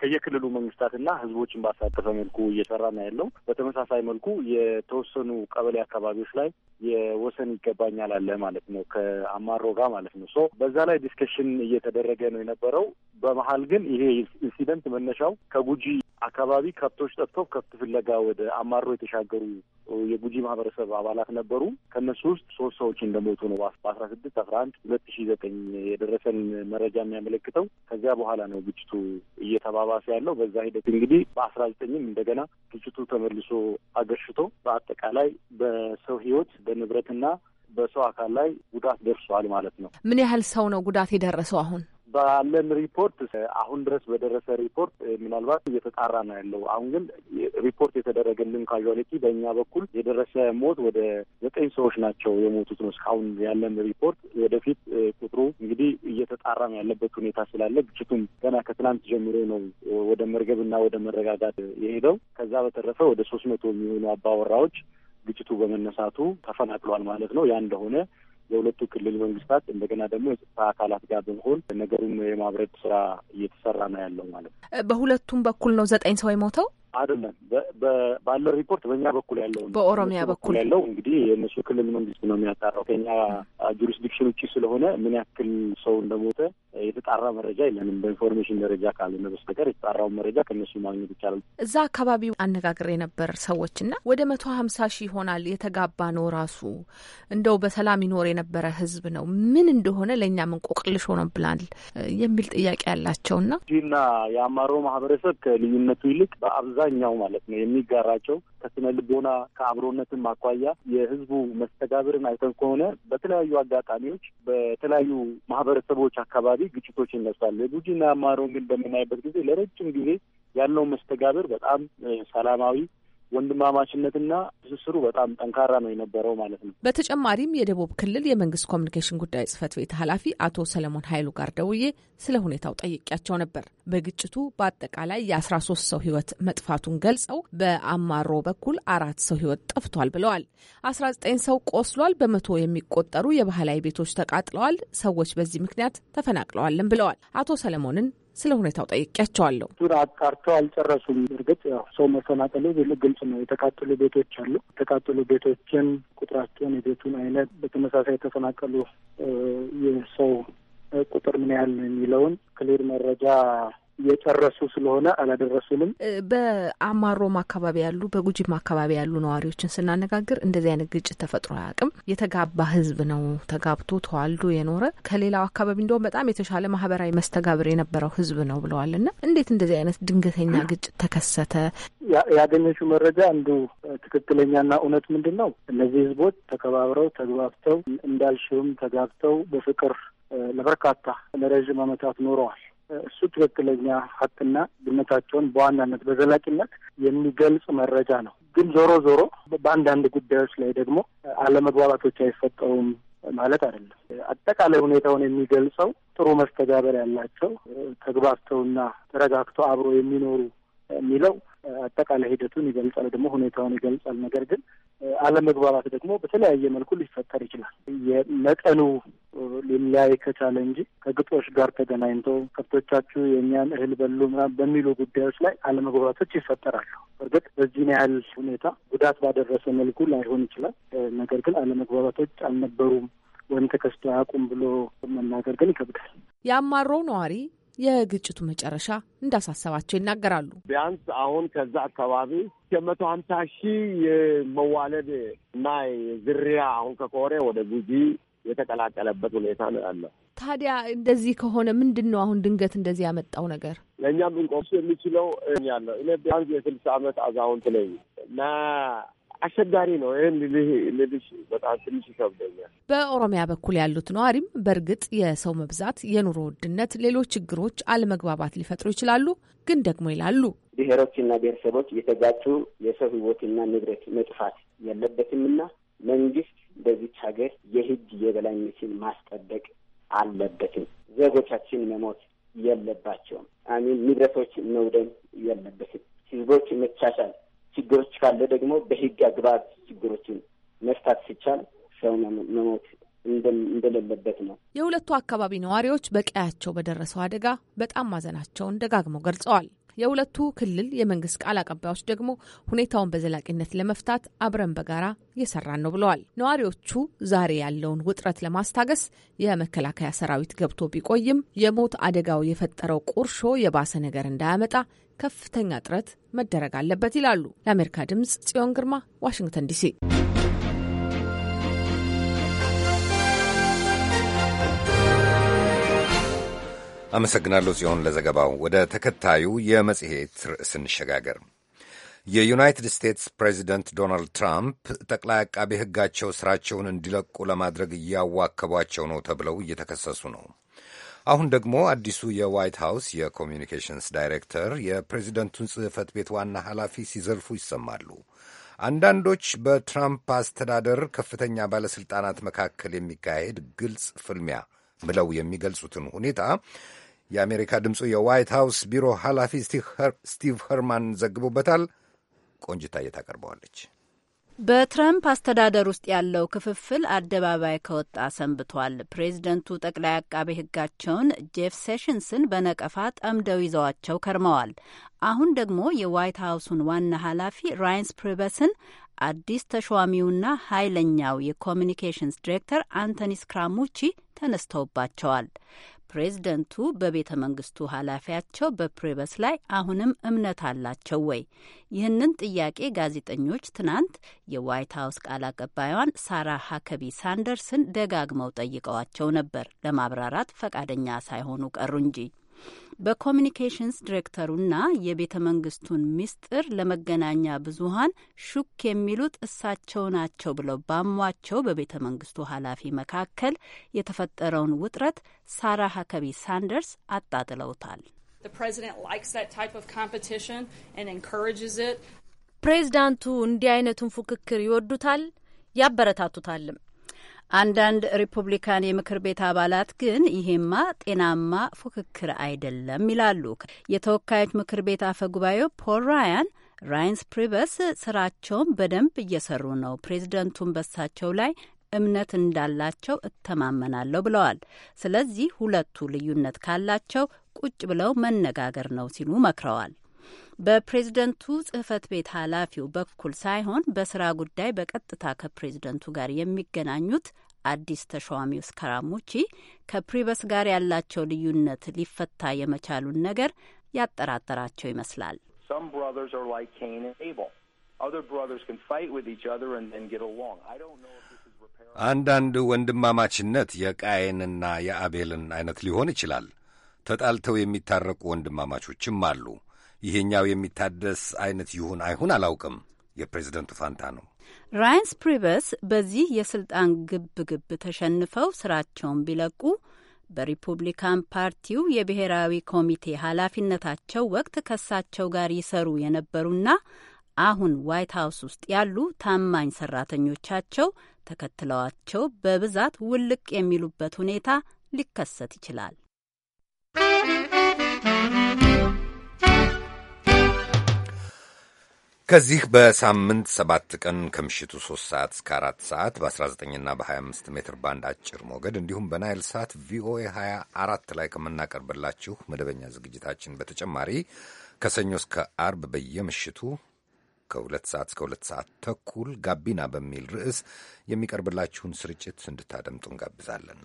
ከየክልሉ መንግስታትና ህዝቦችን ባሳተፈ መልኩ እየሰራ ነው ያለው። በተመሳሳይ መልኩ የተወሰኑ ቀበሌ አካባቢዎች ላይ የወሰን ይገባኛል አለ ማለት ነው ከአማሮ ጋር ማለት ነው። ሶ በዛ ላይ ዲስከሽን እየተደረገ ነው የነበረው። በመሀል ግን ይሄ ኢንሲደንት መነሻው ከጉጂ አካባቢ ከብቶች ጠጥቶ ከብት ፍለጋ ወደ አማሮ የተሻገሩ የጉ የጉጂ ማህበረሰብ አባላት ነበሩ። ከእነሱ ውስጥ ሶስት ሰዎች እንደሞቱ ነው በአስራ ስድስት አስራ አንድ ሁለት ሺ ዘጠኝ የደረሰን መረጃ የሚያመለክተው። ከዚያ በኋላ ነው ግጭቱ እየተባባሰ ያለው። በዛ ሂደት እንግዲህ በአስራ ዘጠኝም እንደገና ግጭቱ ተመልሶ አገርሽቶ በአጠቃላይ በሰው ህይወት በንብረትና በሰው አካል ላይ ጉዳት ደርሷል ማለት ነው። ምን ያህል ሰው ነው ጉዳት የደረሰው አሁን? ባለን ሪፖርት አሁን ድረስ በደረሰ ሪፖርት ምናልባት እየተጣራ ነው ያለው። አሁን ግን ሪፖርት የተደረገልን ካዋሊቲ በእኛ በኩል የደረሰ ሞት ወደ ዘጠኝ ሰዎች ናቸው የሞቱት ነው እስካሁን ያለን ሪፖርት። ወደፊት ቁጥሩ እንግዲህ እየተጣራ ነው ያለበት ሁኔታ ስላለ ግጭቱም ገና ከትናንት ጀምሮ ነው ወደ መርገብና ወደ መረጋጋት የሄደው። ከዛ በተረፈ ወደ ሶስት መቶ የሚሆኑ አባወራዎች ግጭቱ በመነሳቱ ተፈናቅሏል ማለት ነው ያ እንደሆነ የሁለቱ ክልል መንግስታት እንደገና ደግሞ የጸጥታ አካላት ጋር በመሆን ነገሩን የማብረድ ስራ እየተሰራ ነው ያለው ማለት ነው። በሁለቱም በኩል ነው ዘጠኝ ሰው የሞተው አይደለም ባለው ሪፖርት በእኛ በኩል ያለው በኦሮሚያ በኩል ያለው እንግዲህ የእነሱ ክልል መንግስት ነው የሚያጣራው። ከኛ ጁሪስዲክሽን ውጭ ስለሆነ ምን ያክል ሰው እንደሞተ የተጣራ መረጃ የለንም። በኢንፎርሜሽን ደረጃ ካልሆነ በስተቀር የተጣራውን መረጃ ከእነሱ ማግኘት ይቻላል። እዛ አካባቢ አነጋግሬ ነበር ሰዎችና ወደ መቶ ሀምሳ ሺህ ይሆናል የተጋባ ነው ራሱ እንደው በሰላም ይኖር የነበረ ህዝብ ነው ምን እንደሆነ ለእኛ እንቆቅልሽ ብላል የሚል ጥያቄ ያላቸውና ና የአማሮ ማህበረሰብ ከልዩነቱ ይልቅ በአብዛ አብዛኛው ማለት ነው የሚጋራቸው ከስነ ልቦና ከአብሮነትም አኳያ የህዝቡ መስተጋብርን አይተን ከሆነ በተለያዩ አጋጣሚዎች በተለያዩ ማህበረሰቦች አካባቢ ግጭቶች ይነሳሉ። የጉጂና አማሮን ግን በምናይበት ጊዜ ለረጅም ጊዜ ያለው መስተጋብር በጣም ሰላማዊ ወንድማማችነትና ትስስሩ በጣም ጠንካራ ነው የነበረው ማለት ነው። በተጨማሪም የደቡብ ክልል የመንግስት ኮሚኒኬሽን ጉዳይ ጽህፈት ቤት ኃላፊ አቶ ሰለሞን ኃይሉ ጋር ደውዬ ስለ ሁኔታው ጠይቂያቸው ነበር። በግጭቱ በአጠቃላይ የአስራ ሶስት ሰው ህይወት መጥፋቱን ገልጸው በአማሮ በኩል አራት ሰው ህይወት ጠፍቷል ብለዋል። አስራ ዘጠኝ ሰው ቆስሏል። በመቶ የሚቆጠሩ የባህላዊ ቤቶች ተቃጥለዋል። ሰዎች በዚህ ምክንያት ተፈናቅለዋልን ብለዋል። አቶ ሰለሞንን ስለ ሁኔታው ጠይቄያቸዋለሁ። ዙር አጣርተው አልጨረሱም። እርግጥ ያው ሰው መፈናቀሉ ግልጽ ነው። የተቃጠሉ ቤቶች አሉ። የተቃጠሉ ቤቶችን ቁጥራቸውን፣ የቤቱን አይነት፣ በተመሳሳይ የተፈናቀሉ የሰው ቁጥር ምን ያህል ነው የሚለውን ክሊር መረጃ የጨረሱ ስለሆነ አላደረሱንም። በአማሮም አካባቢ ያሉ በጉጂም አካባቢ ያሉ ነዋሪዎችን ስናነጋግር እንደዚህ አይነት ግጭት ተፈጥሮ አያውቅም። የተጋባ ህዝብ ነው ተጋብቶ ተዋልዶ የኖረ ከሌላው አካባቢ እንደውም በጣም የተሻለ ማህበራዊ መስተጋብር የነበረው ህዝብ ነው ብለዋል። እና እንዴት እንደዚህ አይነት ድንገተኛ ግጭት ተከሰተ? ያገኘችው መረጃ አንዱ ትክክለኛና እውነት ምንድን ነው? እነዚህ ህዝቦች ተከባብረው ተግባብተው እንዳልሽውም ተጋብተው በፍቅር ለበርካታ ለረዥም ዓመታት ኖረዋል። እሱ ትክክለኛ ሀቅና ግነታቸውን በዋናነት በዘላቂነት የሚገልጽ መረጃ ነው። ግን ዞሮ ዞሮ በአንዳንድ ጉዳዮች ላይ ደግሞ አለመግባባቶች አይፈጠሩም ማለት አይደለም። አጠቃላይ ሁኔታውን የሚገልጸው ጥሩ መስተጋበር ያላቸው ተግባብተውና ተረጋግተው አብሮ የሚኖሩ የሚለው አጠቃላይ ሂደቱን ይገልጻል፣ ደግሞ ሁኔታውን ይገልጻል። ነገር ግን አለመግባባት ደግሞ በተለያየ መልኩ ሊፈጠር ይችላል። የመጠኑ ሊለያይ ከቻለ እንጂ ከግጦሽ ጋር ተገናኝቶ ከብቶቻችሁ የእኛን እህል በሉ ምናምን በሚሉ ጉዳዮች ላይ አለመግባባቶች ይፈጠራሉ። እርግጥ በዚህን ያህል ሁኔታ ጉዳት ባደረሰ መልኩ ላይሆን ይችላል። ነገር ግን አለመግባባቶች አልነበሩም ወይም ተከስቶ አያውቁም ብሎ መናገር ግን ይከብዳል። የአማሮ ነዋሪ የግጭቱ መጨረሻ እንዳሳሰባቸው ይናገራሉ። ቢያንስ አሁን ከዛ አካባቢ የመቶ ሀምሳ ሺህ የመዋለድ እና ዝርያ አሁን ከኮሬ ወደ ጉጂ የተቀላቀለበት ሁኔታ ነው ያለው። ታዲያ እንደዚህ ከሆነ ምንድን ነው አሁን ድንገት እንደዚህ ያመጣው ነገር? ለእኛም ልንቆሱ የሚችለው ያለው እኔ ቢያንስ የስልሳ ዓመት አዛውንት ነኝ እና አስቸጋሪ ነው። ይህን ልልሽ በጣም ትንሽ ይከብደኛል። በኦሮሚያ በኩል ያሉት ነዋሪም በእርግጥ የሰው መብዛት፣ የኑሮ ውድነት፣ ሌሎች ችግሮች አለመግባባት ሊፈጥሩ ይችላሉ። ግን ደግሞ ይላሉ ብሔሮችና ብሔረሰቦች የተጋጩ የሰው ህይወትና ንብረት መጥፋት የለበትምና መንግስት በዚች ሀገር የህግ የበላይነትን ማስጠበቅ አለበትም። ዜጎቻችን መሞት የለባቸውም። አሚን ንብረቶች መውደም የለበትም። ህዝቦች መቻቻል ችግሮች ካለ ደግሞ በህግ አግባብ ችግሮችን መፍታት ሲቻል ሰው መሞት እንደሌለበት ነው። የሁለቱ አካባቢ ነዋሪዎች በቀያቸው በደረሰው አደጋ በጣም ማዘናቸውን ደጋግመው ገልጸዋል። የሁለቱ ክልል የመንግስት ቃል አቀባዮች ደግሞ ሁኔታውን በዘላቂነት ለመፍታት አብረን በጋራ እየሰራን ነው ብለዋል። ነዋሪዎቹ ዛሬ ያለውን ውጥረት ለማስታገስ የመከላከያ ሰራዊት ገብቶ ቢቆይም የሞት አደጋው የፈጠረው ቁርሾ የባሰ ነገር እንዳያመጣ ከፍተኛ ጥረት መደረግ አለበት ይላሉ። ለአሜሪካ ድምጽ ጽዮን ግርማ ዋሽንግተን ዲሲ። አመሰግናለሁ ጽዮን ለዘገባው። ወደ ተከታዩ የመጽሔት ርዕስ እንሸጋገር። የዩናይትድ ስቴትስ ፕሬዚደንት ዶናልድ ትራምፕ ጠቅላይ አቃቤ ሕጋቸው ስራቸውን እንዲለቁ ለማድረግ እያዋከቧቸው ነው ተብለው እየተከሰሱ ነው። አሁን ደግሞ አዲሱ የዋይት ሃውስ የኮሚኒኬሽንስ ዳይሬክተር የፕሬዚደንቱን ጽሕፈት ቤት ዋና ኃላፊ ሲዘልፉ ይሰማሉ። አንዳንዶች በትራምፕ አስተዳደር ከፍተኛ ባለሥልጣናት መካከል የሚካሄድ ግልጽ ፍልሚያ ብለው የሚገልጹትን ሁኔታ የአሜሪካ ድምፁ የዋይት ሃውስ ቢሮ ኃላፊ ስቲቭ ኸርማን ዘግቦበታል። ቆንጅታ ታቀርበዋለች። በትራምፕ አስተዳደር ውስጥ ያለው ክፍፍል አደባባይ ከወጣ ሰንብቷል። ፕሬዚደንቱ ጠቅላይ አቃቤ ሕጋቸውን ጄፍ ሴሽንስን በነቀፋ ጠምደው ይዘዋቸው ከርመዋል። አሁን ደግሞ የዋይት ሀውሱን ዋና ኃላፊ ራይንስ ፕሪበስን አዲስ ተሿሚውና ኃይለኛው የኮሚኒኬሽንስ ዲሬክተር አንቶኒ ስክራሙቺ ተነስተውባቸዋል። ፕሬዝደንቱ በቤተ መንግስቱ ኃላፊያቸው በፕሬበስ ላይ አሁንም እምነት አላቸው ወይ? ይህንን ጥያቄ ጋዜጠኞች ትናንት የዋይት ሀውስ ቃል አቀባዩን ሳራ ሀከቢ ሳንደርስን ደጋግመው ጠይቀዋቸው ነበር። ለማብራራት ፈቃደኛ ሳይሆኑ ቀሩ እንጂ በኮሚኒኬሽንስ ዲሬክተሩና የቤተ መንግስቱን ሚስጥር ለመገናኛ ብዙሀን ሹክ የሚሉት እሳቸው ናቸው ብለው ባሟቸው በቤተ መንግስቱ ኃላፊ መካከል የተፈጠረውን ውጥረት ሳራ ሀከቢ ሳንደርስ አጣጥለውታል። ፕሬዚዳንቱ እንዲህ አይነቱን ፉክክር ይወዱታል፣ ያበረታቱታልም። አንዳንድ ሪፑብሊካን የምክር ቤት አባላት ግን ይሄማ ጤናማ ፉክክር አይደለም ይላሉ። የተወካዮች ምክር ቤት አፈ ጉባኤው ፖል ራያን ራይንስ ፕሪበስ ስራቸውን በደንብ እየሰሩ ነው፣ ፕሬዝደንቱን በሳቸው ላይ እምነት እንዳላቸው እተማመናለሁ ብለዋል። ስለዚህ ሁለቱ ልዩነት ካላቸው ቁጭ ብለው መነጋገር ነው ሲሉ መክረዋል። በፕሬዝደንቱ ጽህፈት ቤት ኃላፊው በኩል ሳይሆን በስራ ጉዳይ በቀጥታ ከፕሬዝደንቱ ጋር የሚገናኙት አዲስ ተሿሚው ስካራሙቺ ከፕሪበስ ጋር ያላቸው ልዩነት ሊፈታ የመቻሉን ነገር ያጠራጠራቸው ይመስላል። አንዳንድ ወንድማማችነት የቃየንና የአቤልን አይነት ሊሆን ይችላል። ተጣልተው የሚታረቁ ወንድማማቾችም አሉ። ይሄኛው የሚታደስ አይነት ይሁን አይሁን አላውቅም። የፕሬዝደንቱ ፋንታ ነው። ራይንስ ፕሪበስ በዚህ የስልጣን ግብ ግብ ተሸንፈው ስራቸውን ቢለቁ በሪፑብሊካን ፓርቲው የብሔራዊ ኮሚቴ ኃላፊነታቸው ወቅት ከሳቸው ጋር ይሰሩ የነበሩና አሁን ዋይት ሀውስ ውስጥ ያሉ ታማኝ ሰራተኞቻቸው ተከትለዋቸው በብዛት ውልቅ የሚሉበት ሁኔታ ሊከሰት ይችላል። ከዚህ በሳምንት ሰባት ቀን ከምሽቱ ሶስት ሰዓት እስከ 4 ሰዓት በ19ና በ25 ሜትር ባንድ አጭር ሞገድ እንዲሁም በናይል ሳት ቪኦኤ 24 ላይ ከምናቀርብላችሁ መደበኛ ዝግጅታችን በተጨማሪ ከሰኞ እስከ አርብ በየምሽቱ ከሁለት ሰዓት እስከ ሁለት ሰዓት ተኩል ጋቢና በሚል ርዕስ የሚቀርብላችሁን ስርጭት እንድታደምጡ እንጋብዛለን።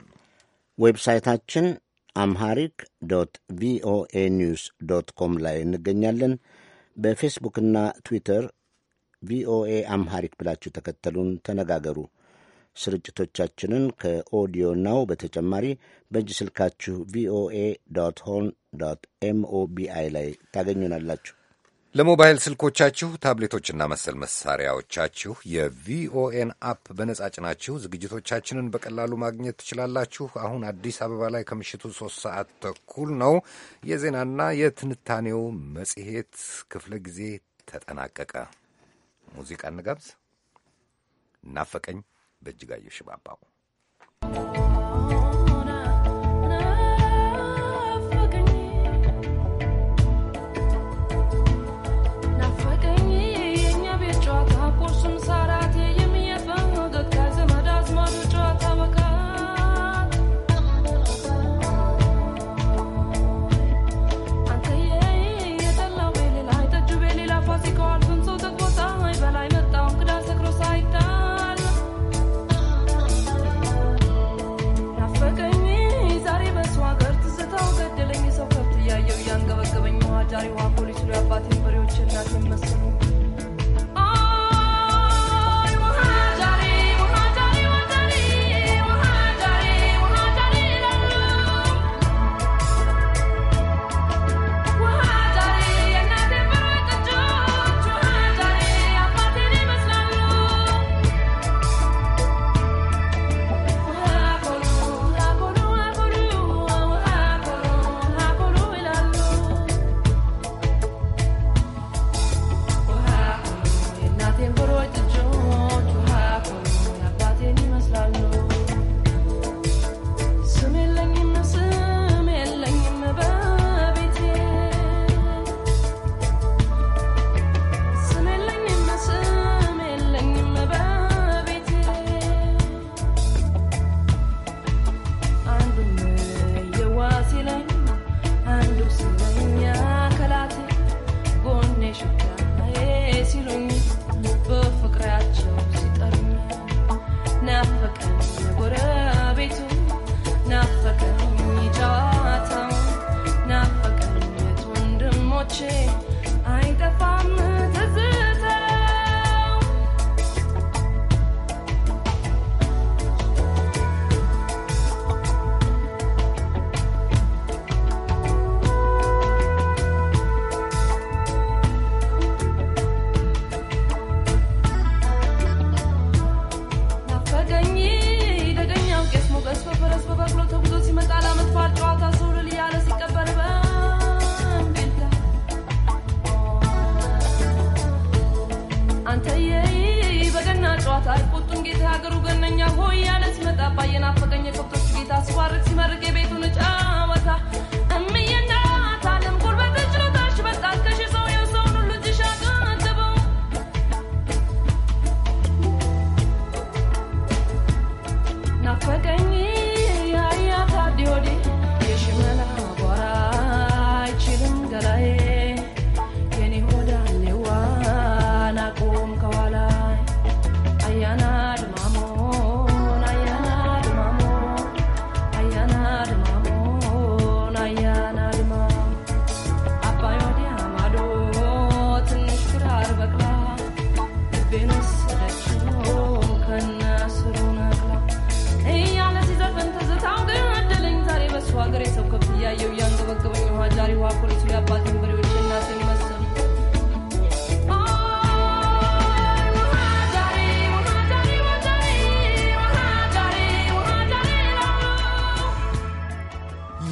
ዌብሳይታችን አምሃሪክ ዶት ቪኦኤ ኒውስ ዶት ኮም ላይ እንገኛለን። በፌስቡክና ትዊተር ቪኦኤ አምሃሪክ ብላችሁ ተከተሉን፣ ተነጋገሩ። ስርጭቶቻችንን ከኦዲዮ ናው በተጨማሪ በእጅ ስልካችሁ ቪኦኤ ዶት ሆን ዶት ኤምኦቢአይ ላይ ታገኙናላችሁ። ለሞባይል ስልኮቻችሁ ታብሌቶችና መሰል መሳሪያዎቻችሁ የቪኦኤን አፕ በነጻ ጭናችሁ ዝግጅቶቻችንን በቀላሉ ማግኘት ትችላላችሁ። አሁን አዲስ አበባ ላይ ከምሽቱ ሶስት ሰዓት ተኩል ነው። የዜናና የትንታኔው መጽሔት ክፍለ ጊዜ ተጠናቀቀ። ሙዚቃ እንጋብዝ። ናፈቀኝ በእጅጋየሁ ሽባባው ዛሬ ውሃ ፖሊስ አባቴን በሬዎች እናቴን መሰ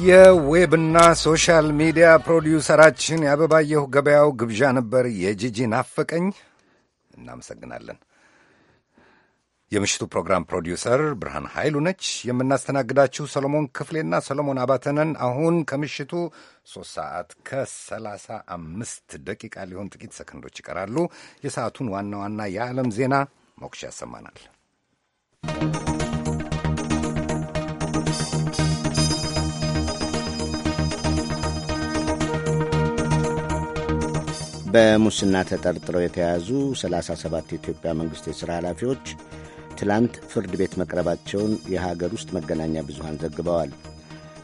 የዌብና ሶሻል ሚዲያ ፕሮዲውሰራችን የአበባየሁ ገበያው ግብዣ ነበር የጂጂ ናፈቀኝ። እናመሰግናለን። የምሽቱ ፕሮግራም ፕሮዲውሰር ብርሃን ኃይሉ ነች። የምናስተናግዳችሁ ሰሎሞን ክፍሌና ሰሎሞን አባተነን። አሁን ከምሽቱ ሶስት ሰዓት ከሰላሳ አምስት ደቂቃ ሊሆን ጥቂት ሰከንዶች ይቀራሉ። የሰዓቱን ዋና ዋና የዓለም ዜና ሞክሻ ያሰማናል። በሙስና ተጠርጥረው የተያዙ 37 የኢትዮጵያ መንግሥት የሥራ ኃላፊዎች ትላንት ፍርድ ቤት መቅረባቸውን የሀገር ውስጥ መገናኛ ብዙሃን ዘግበዋል።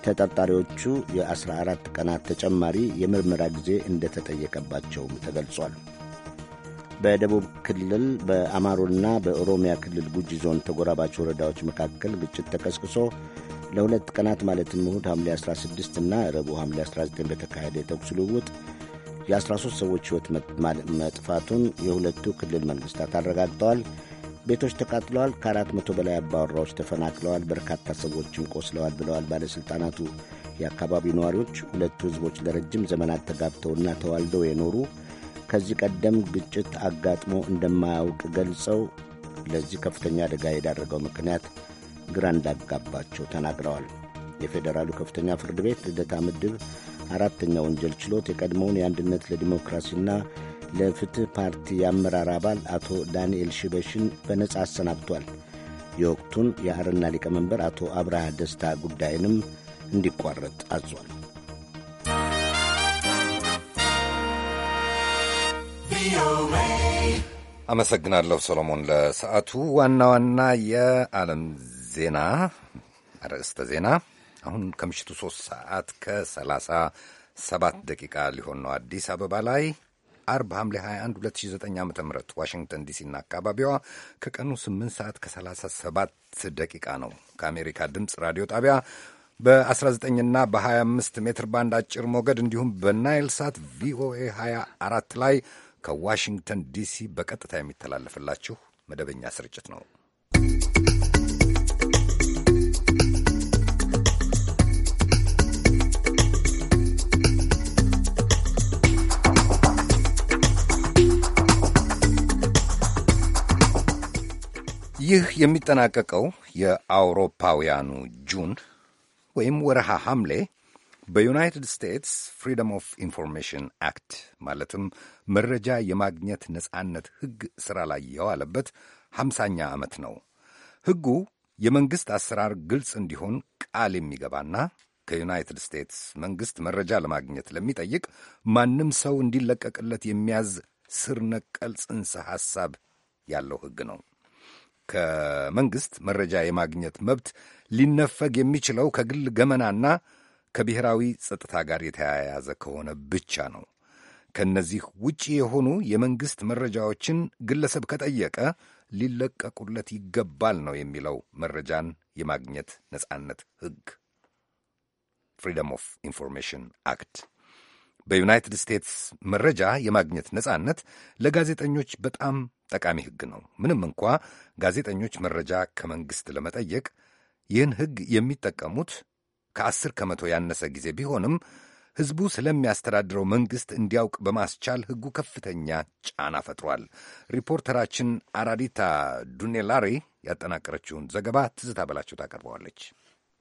ተጠርጣሪዎቹ የ14 ቀናት ተጨማሪ የምርመራ ጊዜ እንደተጠየቀባቸውም ተገልጿል። በደቡብ ክልል በአማሮና በኦሮሚያ ክልል ጉጂ ዞን ተጎራባች ወረዳዎች መካከል ግጭት ተቀስቅሶ ለሁለት ቀናት ማለትም እሁድ ሐምሌ 16 እና ረቡዕ ሐምሌ 19 በተካሄደ የተኩስ ልውውጥ የ13 ሰዎች ሕይወት መጥፋቱን የሁለቱ ክልል መንግሥታት አረጋግጠዋል። ቤቶች ተቃጥለዋል፣ ከአራት መቶ በላይ አባወራዎች ተፈናቅለዋል፣ በርካታ ሰዎችም ቆስለዋል ብለዋል ባለሥልጣናቱ። የአካባቢው ነዋሪዎች ሁለቱ ሕዝቦች ለረጅም ዘመናት ተጋብተውና ተዋልደው የኖሩ ከዚህ ቀደም ግጭት አጋጥሞ እንደማያውቅ ገልጸው ለዚህ ከፍተኛ አደጋ የዳረገው ምክንያት ግራ እንዳጋባቸው ተናግረዋል። የፌዴራሉ ከፍተኛ ፍርድ ቤት ልደታ ምድብ አራተኛ ወንጀል ችሎት የቀድሞውን የአንድነት ለዲሞክራሲና ለፍትህ ፓርቲ የአመራር አባል አቶ ዳንኤል ሽበሽን በነጻ አሰናብቷል። የወቅቱን የአረና ሊቀመንበር አቶ አብርሃ ደስታ ጉዳይንም እንዲቋረጥ አዟል። አመሰግናለሁ ሰሎሞን። ለሰዓቱ ዋና ዋና የዓለም ዜና ርዕስተ ዜና አሁን ከምሽቱ ሶስት ሰዓት ከሰላሳ ሰባት ደቂቃ ሊሆን ነው። አዲስ አበባ ላይ አርብ ሐምሌ 21 2009 ዓ ም ዋሽንግተን ዲሲና አካባቢዋ ከቀኑ 8 ሰዓት ከ37 ደቂቃ ነው። ከአሜሪካ ድምፅ ራዲዮ ጣቢያ በ19ና በ25 ሜትር ባንድ አጭር ሞገድ እንዲሁም በናይል ሳት ቪኦኤ 24 ላይ ከዋሽንግተን ዲሲ በቀጥታ የሚተላለፍላችሁ መደበኛ ስርጭት ነው። ይህ የሚጠናቀቀው የአውሮፓውያኑ ጁን ወይም ወረሃ ሐምሌ በዩናይትድ ስቴትስ ፍሪደም ኦፍ ኢንፎርሜሽን አክት ማለትም መረጃ የማግኘት ነጻነት ሕግ ሥራ ላይ የዋለበት ሐምሳኛ ዓመት ነው። ሕጉ የመንግሥት አሰራር ግልጽ እንዲሆን ቃል የሚገባና ከዩናይትድ ስቴትስ መንግሥት መረጃ ለማግኘት ለሚጠይቅ ማንም ሰው እንዲለቀቅለት የሚያዝ ስር ነቀል ጽንሰ ሐሳብ ያለው ሕግ ነው። ከመንግሥት መረጃ የማግኘት መብት ሊነፈግ የሚችለው ከግል ገመናና ከብሔራዊ ጸጥታ ጋር የተያያዘ ከሆነ ብቻ ነው። ከእነዚህ ውጪ የሆኑ የመንግሥት መረጃዎችን ግለሰብ ከጠየቀ ሊለቀቁለት ይገባል ነው የሚለው መረጃን የማግኘት ነጻነት ሕግ ፍሪደም ኦፍ ኢንፎርሜሽን አክት። በዩናይትድ ስቴትስ መረጃ የማግኘት ነጻነት ለጋዜጠኞች በጣም ጠቃሚ ሕግ ነው። ምንም እንኳ ጋዜጠኞች መረጃ ከመንግሥት ለመጠየቅ ይህን ሕግ የሚጠቀሙት ከአስር ከመቶ ያነሰ ጊዜ ቢሆንም ሕዝቡ ስለሚያስተዳድረው መንግሥት እንዲያውቅ በማስቻል ሕጉ ከፍተኛ ጫና ፈጥሯል። ሪፖርተራችን አራዲታ ዱኔላሪ ያጠናቀረችውን ዘገባ ትዝታ በላቸው ታቀርበዋለች።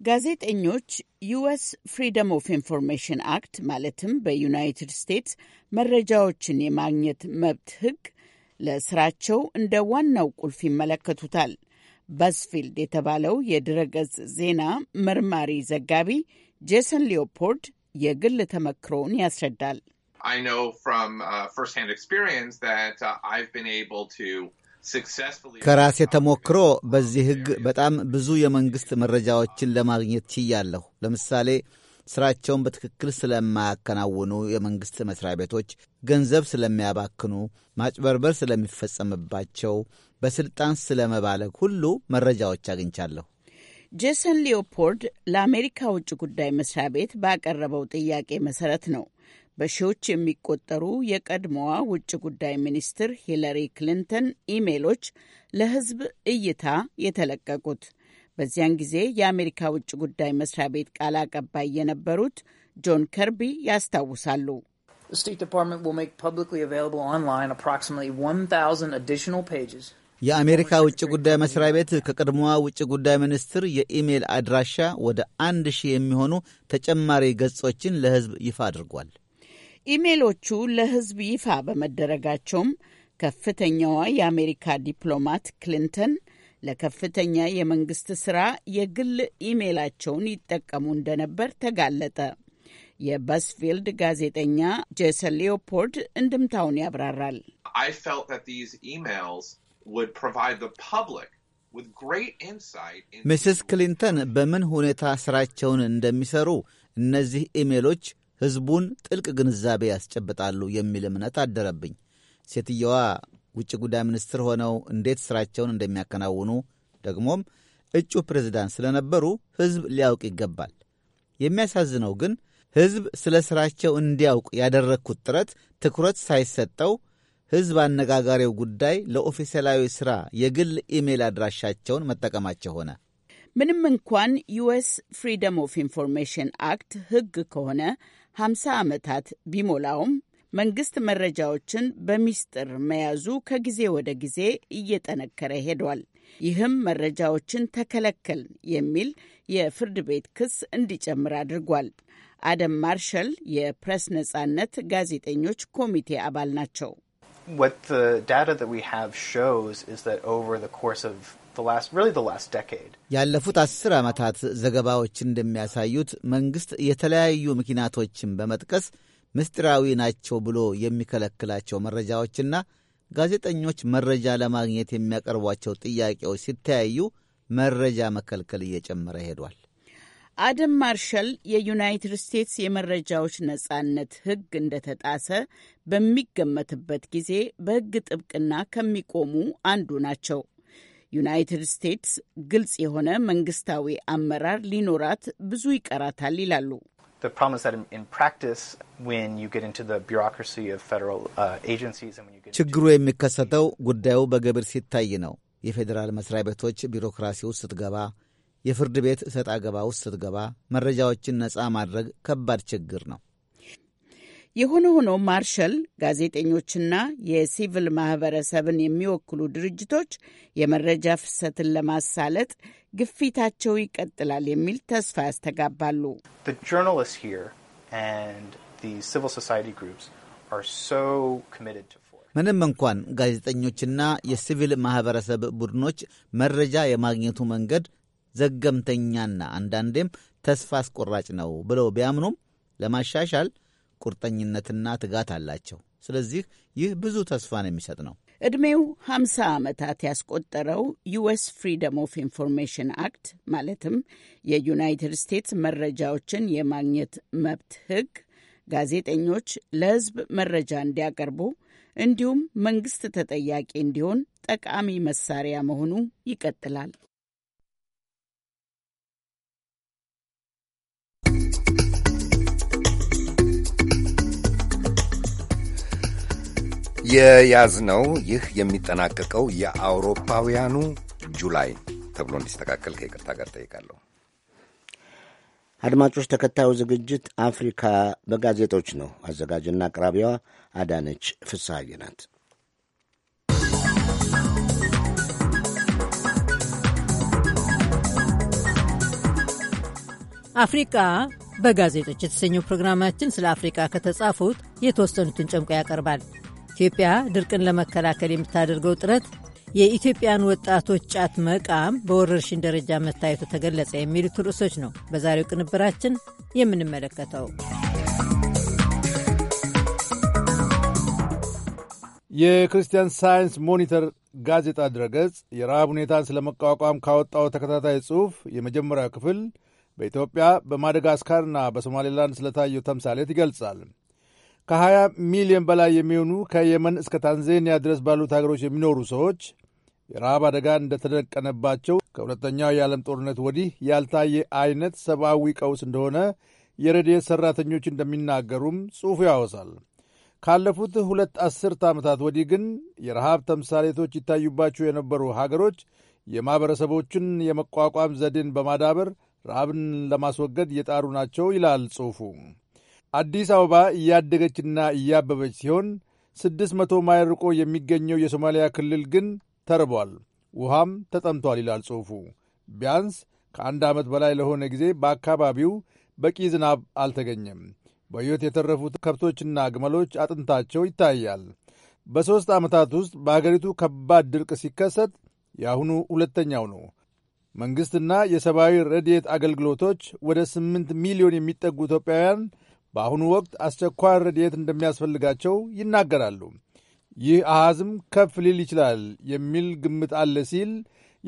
ጋዜጠኞች ዩኤስ ፍሪደም ኦፍ ኢንፎርሜሽን አክት ማለትም በዩናይትድ ስቴትስ መረጃዎችን የማግኘት መብት ሕግ ለስራቸው እንደ ዋናው ቁልፍ ይመለከቱታል። ባዝፊልድ የተባለው የድረገጽ ዜና መርማሪ ዘጋቢ ጄሰን ሊዮፖልድ የግል ተመክሮውን ያስረዳል። ከራሴ ተሞክሮ በዚህ ሕግ በጣም ብዙ የመንግሥት መረጃዎችን ለማግኘት ችያለሁ። ለምሳሌ ስራቸውን በትክክል ስለማያከናውኑ የመንግሥት መሥሪያ ቤቶች፣ ገንዘብ ስለሚያባክኑ፣ ማጭበርበር ስለሚፈጸምባቸው፣ በሥልጣን ስለመባለግ ሁሉ መረጃዎች አግኝቻለሁ። ጄሰን ሊዮፖልድ ለአሜሪካ ውጭ ጉዳይ መስሪያ ቤት ባቀረበው ጥያቄ መሠረት ነው በሺዎች የሚቆጠሩ የቀድሞዋ ውጭ ጉዳይ ሚኒስትር ሂለሪ ክሊንተን ኢሜሎች ለሕዝብ እይታ የተለቀቁት በዚያን ጊዜ የአሜሪካ ውጭ ጉዳይ መስሪያ ቤት ቃል አቀባይ የነበሩት ጆን ከርቢ ያስታውሳሉ። የአሜሪካ ውጭ ጉዳይ መስሪያ ቤት ከቀድሞዋ ውጭ ጉዳይ ሚኒስትር የኢሜል አድራሻ ወደ አንድ ሺህ የሚሆኑ ተጨማሪ ገጾችን ለሕዝብ ይፋ አድርጓል። ኢሜሎቹ ለሕዝብ ይፋ በመደረጋቸውም ከፍተኛዋ የአሜሪካ ዲፕሎማት ክሊንተን ለከፍተኛ የመንግስት ስራ የግል ኢሜላቸውን ይጠቀሙ እንደነበር ተጋለጠ። የበስፊልድ ጋዜጠኛ ጄሰን ሊዮፖልድ እንድምታውን ያብራራል። ሚስስ ክሊንተን በምን ሁኔታ ስራቸውን እንደሚሰሩ እነዚህ ኢሜሎች ሕዝቡን ጥልቅ ግንዛቤ ያስጨብጣሉ የሚል እምነት አደረብኝ። ሴትየዋ ውጭ ጉዳይ ሚኒስትር ሆነው እንዴት ስራቸውን እንደሚያከናውኑ ደግሞም እጩ ፕሬዝዳንት ስለነበሩ ሕዝብ ሊያውቅ ይገባል። የሚያሳዝነው ግን ሕዝብ ስለ ሥራቸው እንዲያውቅ ያደረግኩት ጥረት ትኩረት ሳይሰጠው ሕዝብ አነጋጋሪው ጉዳይ ለኦፊሴላዊ ሥራ የግል ኢሜይል አድራሻቸውን መጠቀማቸው ሆነ። ምንም እንኳን ዩኤስ ፍሪደም ኦፍ ኢንፎርሜሽን አክት ሕግ ከሆነ 50 ዓመታት ቢሞላውም መንግስት መረጃዎችን በሚስጥር መያዙ ከጊዜ ወደ ጊዜ እየጠነከረ ሄዷል። ይህም መረጃዎችን ተከለከል የሚል የፍርድ ቤት ክስ እንዲጨምር አድርጓል። አደም ማርሻል የፕሬስ ነጻነት ጋዜጠኞች ኮሚቴ አባል ናቸው። What the data that we have shows is that over the course of ያለፉት አስር ዓመታት ዘገባዎች እንደሚያሳዩት መንግሥት የተለያዩ ምክንያቶችን በመጥቀስ ምስጢራዊ ናቸው ብሎ የሚከለክላቸው መረጃዎችና ጋዜጠኞች መረጃ ለማግኘት የሚያቀርቧቸው ጥያቄዎች ሲተያዩ መረጃ መከልከል እየጨመረ ሄዷል። አደም ማርሻል የዩናይትድ ስቴትስ የመረጃዎች ነጻነት ሕግ እንደተጣሰ በሚገመትበት ጊዜ በሕግ ጥብቅና ከሚቆሙ አንዱ ናቸው። ዩናይትድ ስቴትስ ግልጽ የሆነ መንግስታዊ አመራር ሊኖራት ብዙ ይቀራታል ይላሉ። uh, ችግሩ የሚከሰተው ጉዳዩ በግብር ሲታይ ነው። የፌዴራል መስሪያ ቤቶች ቢሮክራሲ ውስጥ ስትገባ፣ የፍርድ ቤት ሰጣ ገባ ውስጥ ስትገባ መረጃዎችን ነጻ ማድረግ ከባድ ችግር ነው። የሆነ ሆኖ ማርሻል ጋዜጠኞችና የሲቪል ማህበረሰብን የሚወክሉ ድርጅቶች የመረጃ ፍሰትን ለማሳለጥ ግፊታቸው ይቀጥላል የሚል ተስፋ ያስተጋባሉ። ምንም እንኳን ጋዜጠኞችና የሲቪል ማህበረሰብ ቡድኖች መረጃ የማግኘቱ መንገድ ዘገምተኛና አንዳንዴም ተስፋ አስቆራጭ ነው ብለው ቢያምኑም ለማሻሻል ቁርጠኝነትና ትጋት አላቸው። ስለዚህ ይህ ብዙ ተስፋን የሚሰጥ ነው። ዕድሜው 50 ዓመታት ያስቆጠረው ዩኤስ ፍሪደም ኦፍ ኢንፎርሜሽን አክት ማለትም የዩናይትድ ስቴትስ መረጃዎችን የማግኘት መብት ሕግ ጋዜጠኞች ለሕዝብ መረጃ እንዲያቀርቡ እንዲሁም መንግስት ተጠያቂ እንዲሆን ጠቃሚ መሳሪያ መሆኑ ይቀጥላል። የያዝነው ይህ የሚጠናቀቀው የአውሮፓውያኑ ጁላይ ተብሎ እንዲስተካከል ከይቅርታ ጋር ጠይቃለሁ። አድማጮች፣ ተከታዩ ዝግጅት አፍሪካ በጋዜጦች ነው። አዘጋጅና አቅራቢዋ አዳነች ፍስሐዬ ናት። አፍሪቃ በጋዜጦች የተሰኘው ፕሮግራማችን ስለ አፍሪቃ ከተጻፉት የተወሰኑትን ጨምቆ ያቀርባል። ኢትዮጵያ ድርቅን ለመከላከል የምታደርገው ጥረት፣ የኢትዮጵያን ወጣቶች ጫት መቃም በወረርሽኝ ደረጃ መታየቱ ተገለጸ የሚሉት ርዕሶች ነው በዛሬው ቅንብራችን የምንመለከተው። የክርስቲያን ሳይንስ ሞኒተር ጋዜጣ ድረገጽ የረሃብ ሁኔታን ስለ መቋቋም ካወጣው ተከታታይ ጽሑፍ የመጀመሪያው ክፍል በኢትዮጵያ በማደጋስካርና በሶማሌላንድ ስለታየው ተምሳሌት ይገልጻል። ከ20 ሚሊዮን በላይ የሚሆኑ ከየመን እስከ ታንዛኒያ ድረስ ባሉት ሀገሮች የሚኖሩ ሰዎች የረሃብ አደጋ እንደተደቀነባቸው ከሁለተኛው የዓለም ጦርነት ወዲህ ያልታየ አይነት ሰብአዊ ቀውስ እንደሆነ የረድኤት ሠራተኞች እንደሚናገሩም ጽሑፉ ያወሳል። ካለፉት ሁለት አስርተ ዓመታት ወዲህ ግን የረሃብ ተምሳሌቶች ይታዩባቸው የነበሩ ሀገሮች የማኅበረሰቦችን የመቋቋም ዘዴን በማዳበር ረሃብን ለማስወገድ እየጣሩ ናቸው ይላል ጽሑፉ። አዲስ አበባ እያደገችና እያበበች ሲሆን ስድስት መቶ ማይል ርቆ የሚገኘው የሶማሊያ ክልል ግን ተርቧል፣ ውሃም ተጠምቷል ይላል ጽሑፉ። ቢያንስ ከአንድ ዓመት በላይ ለሆነ ጊዜ በአካባቢው በቂ ዝናብ አልተገኘም። በሕይወት የተረፉት ከብቶችና ግመሎች አጥንታቸው ይታያል። በሦስት ዓመታት ውስጥ በአገሪቱ ከባድ ድርቅ ሲከሰት የአሁኑ ሁለተኛው ነው። መንግሥትና የሰብአዊ ረድኤት አገልግሎቶች ወደ ስምንት ሚሊዮን የሚጠጉ ኢትዮጵያውያን በአሁኑ ወቅት አስቸኳይ ረድኤት እንደሚያስፈልጋቸው ይናገራሉ። ይህ አሃዝም ከፍ ሊል ይችላል የሚል ግምት አለ ሲል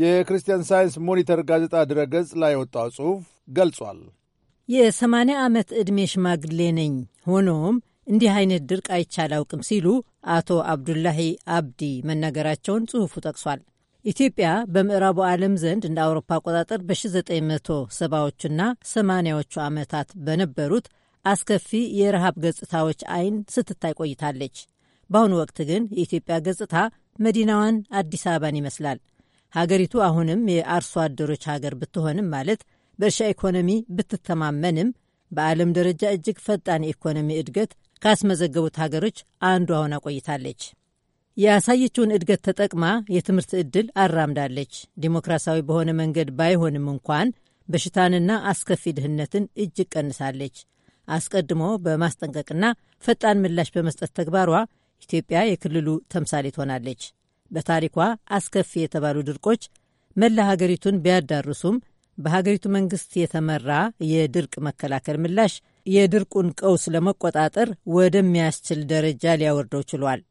የክርስቲያን ሳይንስ ሞኒተር ጋዜጣ ገጽ ላይ የወጣው ጽሑፍ ገልጿል። የሰማንያ ዓመት ዕድሜ ሽማግሌ ነኝ፣ ሆኖም እንዲህ አይነት ድርቅ አይቻላውቅም ሲሉ አቶ አብዱላሂ አብዲ መናገራቸውን ጽሑፉ ጠቅሷል። ኢትዮጵያ በምዕራቡ ዓለም ዘንድ እንደ አውሮፓ አቆጣጠር በ1970ዎቹና 80ዎቹ ዓመታት በነበሩት አስከፊ የረሃብ ገጽታዎች አይን ስትታይ ቆይታለች። በአሁኑ ወቅት ግን የኢትዮጵያ ገጽታ መዲናዋን አዲስ አበባን ይመስላል። ሀገሪቱ አሁንም የአርሶ አደሮች ሀገር ብትሆንም ማለት በእርሻ ኢኮኖሚ ብትተማመንም በዓለም ደረጃ እጅግ ፈጣን የኢኮኖሚ እድገት ካስመዘገቡት ሀገሮች አንዷ ሆና ቆይታለች። ያሳየችውን እድገት ተጠቅማ የትምህርት ዕድል አራምዳለች። ዲሞክራሲያዊ በሆነ መንገድ ባይሆንም እንኳን በሽታንና አስከፊ ድህነትን እጅግ ቀንሳለች። አስቀድሞ በማስጠንቀቅና ፈጣን ምላሽ በመስጠት ተግባሯ ኢትዮጵያ የክልሉ ተምሳሌ ትሆናለች። በታሪኳ አስከፊ የተባሉ ድርቆች መላ ሀገሪቱን ቢያዳርሱም በሀገሪቱ መንግስት የተመራ የድርቅ መከላከል ምላሽ የድርቁን ቀውስ ለመቆጣጠር ወደሚያስችል ደረጃ ሊያወርደው ችሏል።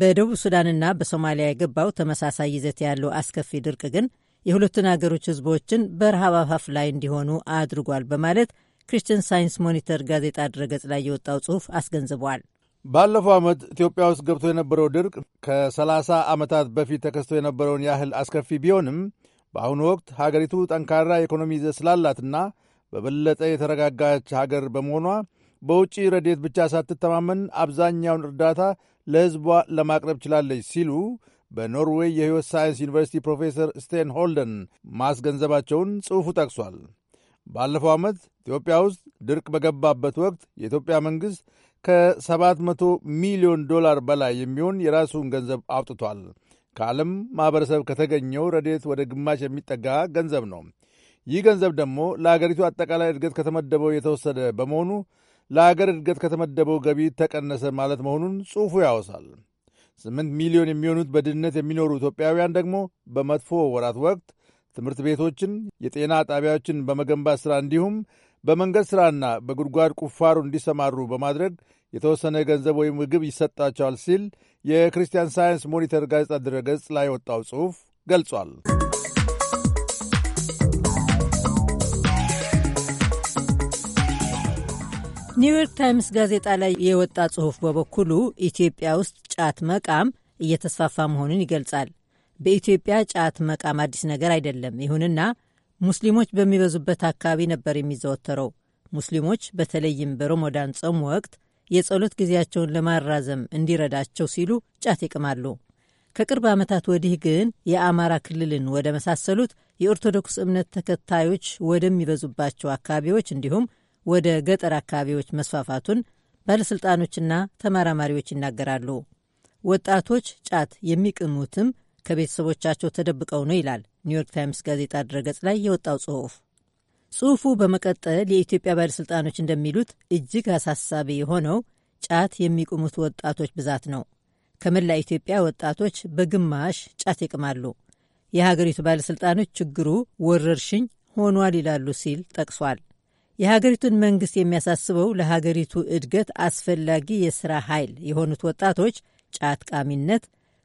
በደቡብ ሱዳንና በሶማሊያ የገባው ተመሳሳይ ይዘት ያለው አስከፊ ድርቅ ግን የሁለቱን አገሮች ህዝቦችን በረሃብ አፋፍ ላይ እንዲሆኑ አድርጓል በማለት ክርስቲያን ሳይንስ ሞኒተር ጋዜጣ ድረገጽ ላይ የወጣው ጽሑፍ አስገንዝቧል። ባለፈው ዓመት ኢትዮጵያ ውስጥ ገብቶ የነበረው ድርቅ ከ30 ዓመታት በፊት ተከስቶ የነበረውን ያህል አስከፊ ቢሆንም በአሁኑ ወቅት ሀገሪቱ ጠንካራ የኢኮኖሚ ይዘት ስላላትና በበለጠ የተረጋጋች ሀገር በመሆኗ በውጪ ረድኤት ብቻ ሳትተማመን አብዛኛውን እርዳታ ለሕዝቧ ለማቅረብ ችላለች ሲሉ በኖርዌይ የሕይወት ሳይንስ ዩኒቨርሲቲ ፕሮፌሰር ስቴን ሆልደን ማስገንዘባቸውን ጽሑፉ ጠቅሷል። ባለፈው ዓመት ኢትዮጵያ ውስጥ ድርቅ በገባበት ወቅት የኢትዮጵያ መንግሥት ከ700 ሚሊዮን ዶላር በላይ የሚሆን የራሱን ገንዘብ አውጥቷል። ከዓለም ማኅበረሰብ ከተገኘው ረዴት ወደ ግማሽ የሚጠጋ ገንዘብ ነው። ይህ ገንዘብ ደግሞ ለአገሪቱ አጠቃላይ እድገት ከተመደበው የተወሰደ በመሆኑ ለአገር እድገት ከተመደበው ገቢ ተቀነሰ ማለት መሆኑን ጽሑፉ ያወሳል። ስምንት ሚሊዮን የሚሆኑት በድህነት የሚኖሩ ኢትዮጵያውያን ደግሞ በመጥፎ ወራት ወቅት ትምህርት ቤቶችን፣ የጤና ጣቢያዎችን በመገንባት ሥራ እንዲሁም በመንገድ ሥራና በጉድጓድ ቁፋሩ እንዲሰማሩ በማድረግ የተወሰነ ገንዘብ ወይም ምግብ ይሰጣቸዋል ሲል የክርስቲያን ሳይንስ ሞኒተር ጋዜጣ ድረገጽ ላይ የወጣው ጽሑፍ ገልጿል። ኒውዮርክ ታይምስ ጋዜጣ ላይ የወጣ ጽሑፍ በበኩሉ ኢትዮጵያ ውስጥ ጫት መቃም እየተስፋፋ መሆኑን ይገልጻል። በኢትዮጵያ ጫት መቃም አዲስ ነገር አይደለም። ይሁንና ሙስሊሞች በሚበዙበት አካባቢ ነበር የሚዘወተረው። ሙስሊሞች በተለይም በሮሞዳን ጾም ወቅት የጸሎት ጊዜያቸውን ለማራዘም እንዲረዳቸው ሲሉ ጫት ይቅማሉ። ከቅርብ ዓመታት ወዲህ ግን የአማራ ክልልን ወደ መሳሰሉት የኦርቶዶክስ እምነት ተከታዮች ወደሚበዙባቸው አካባቢዎች እንዲሁም ወደ ገጠር አካባቢዎች መስፋፋቱን ባለሥልጣኖችና ተመራማሪዎች ይናገራሉ። ወጣቶች ጫት የሚቅሙትም ከቤተሰቦቻቸው ተደብቀው ነው ይላል ኒውዮርክ ታይምስ ጋዜጣ ድረገጽ ላይ የወጣው ጽሑፍ። ጽሑፉ በመቀጠል የኢትዮጵያ ባለሥልጣኖች እንደሚሉት እጅግ አሳሳቢ የሆነው ጫት የሚቅሙት ወጣቶች ብዛት ነው። ከመላ ኢትዮጵያ ወጣቶች በግማሽ ጫት ይቅማሉ። የሀገሪቱ ባለሥልጣኖች ችግሩ ወረርሽኝ ሆኗል ይላሉ ሲል ጠቅሷል። የሀገሪቱን መንግሥት የሚያሳስበው ለሀገሪቱ እድገት አስፈላጊ የሥራ ኃይል የሆኑት ወጣቶች ጫት ቃሚነት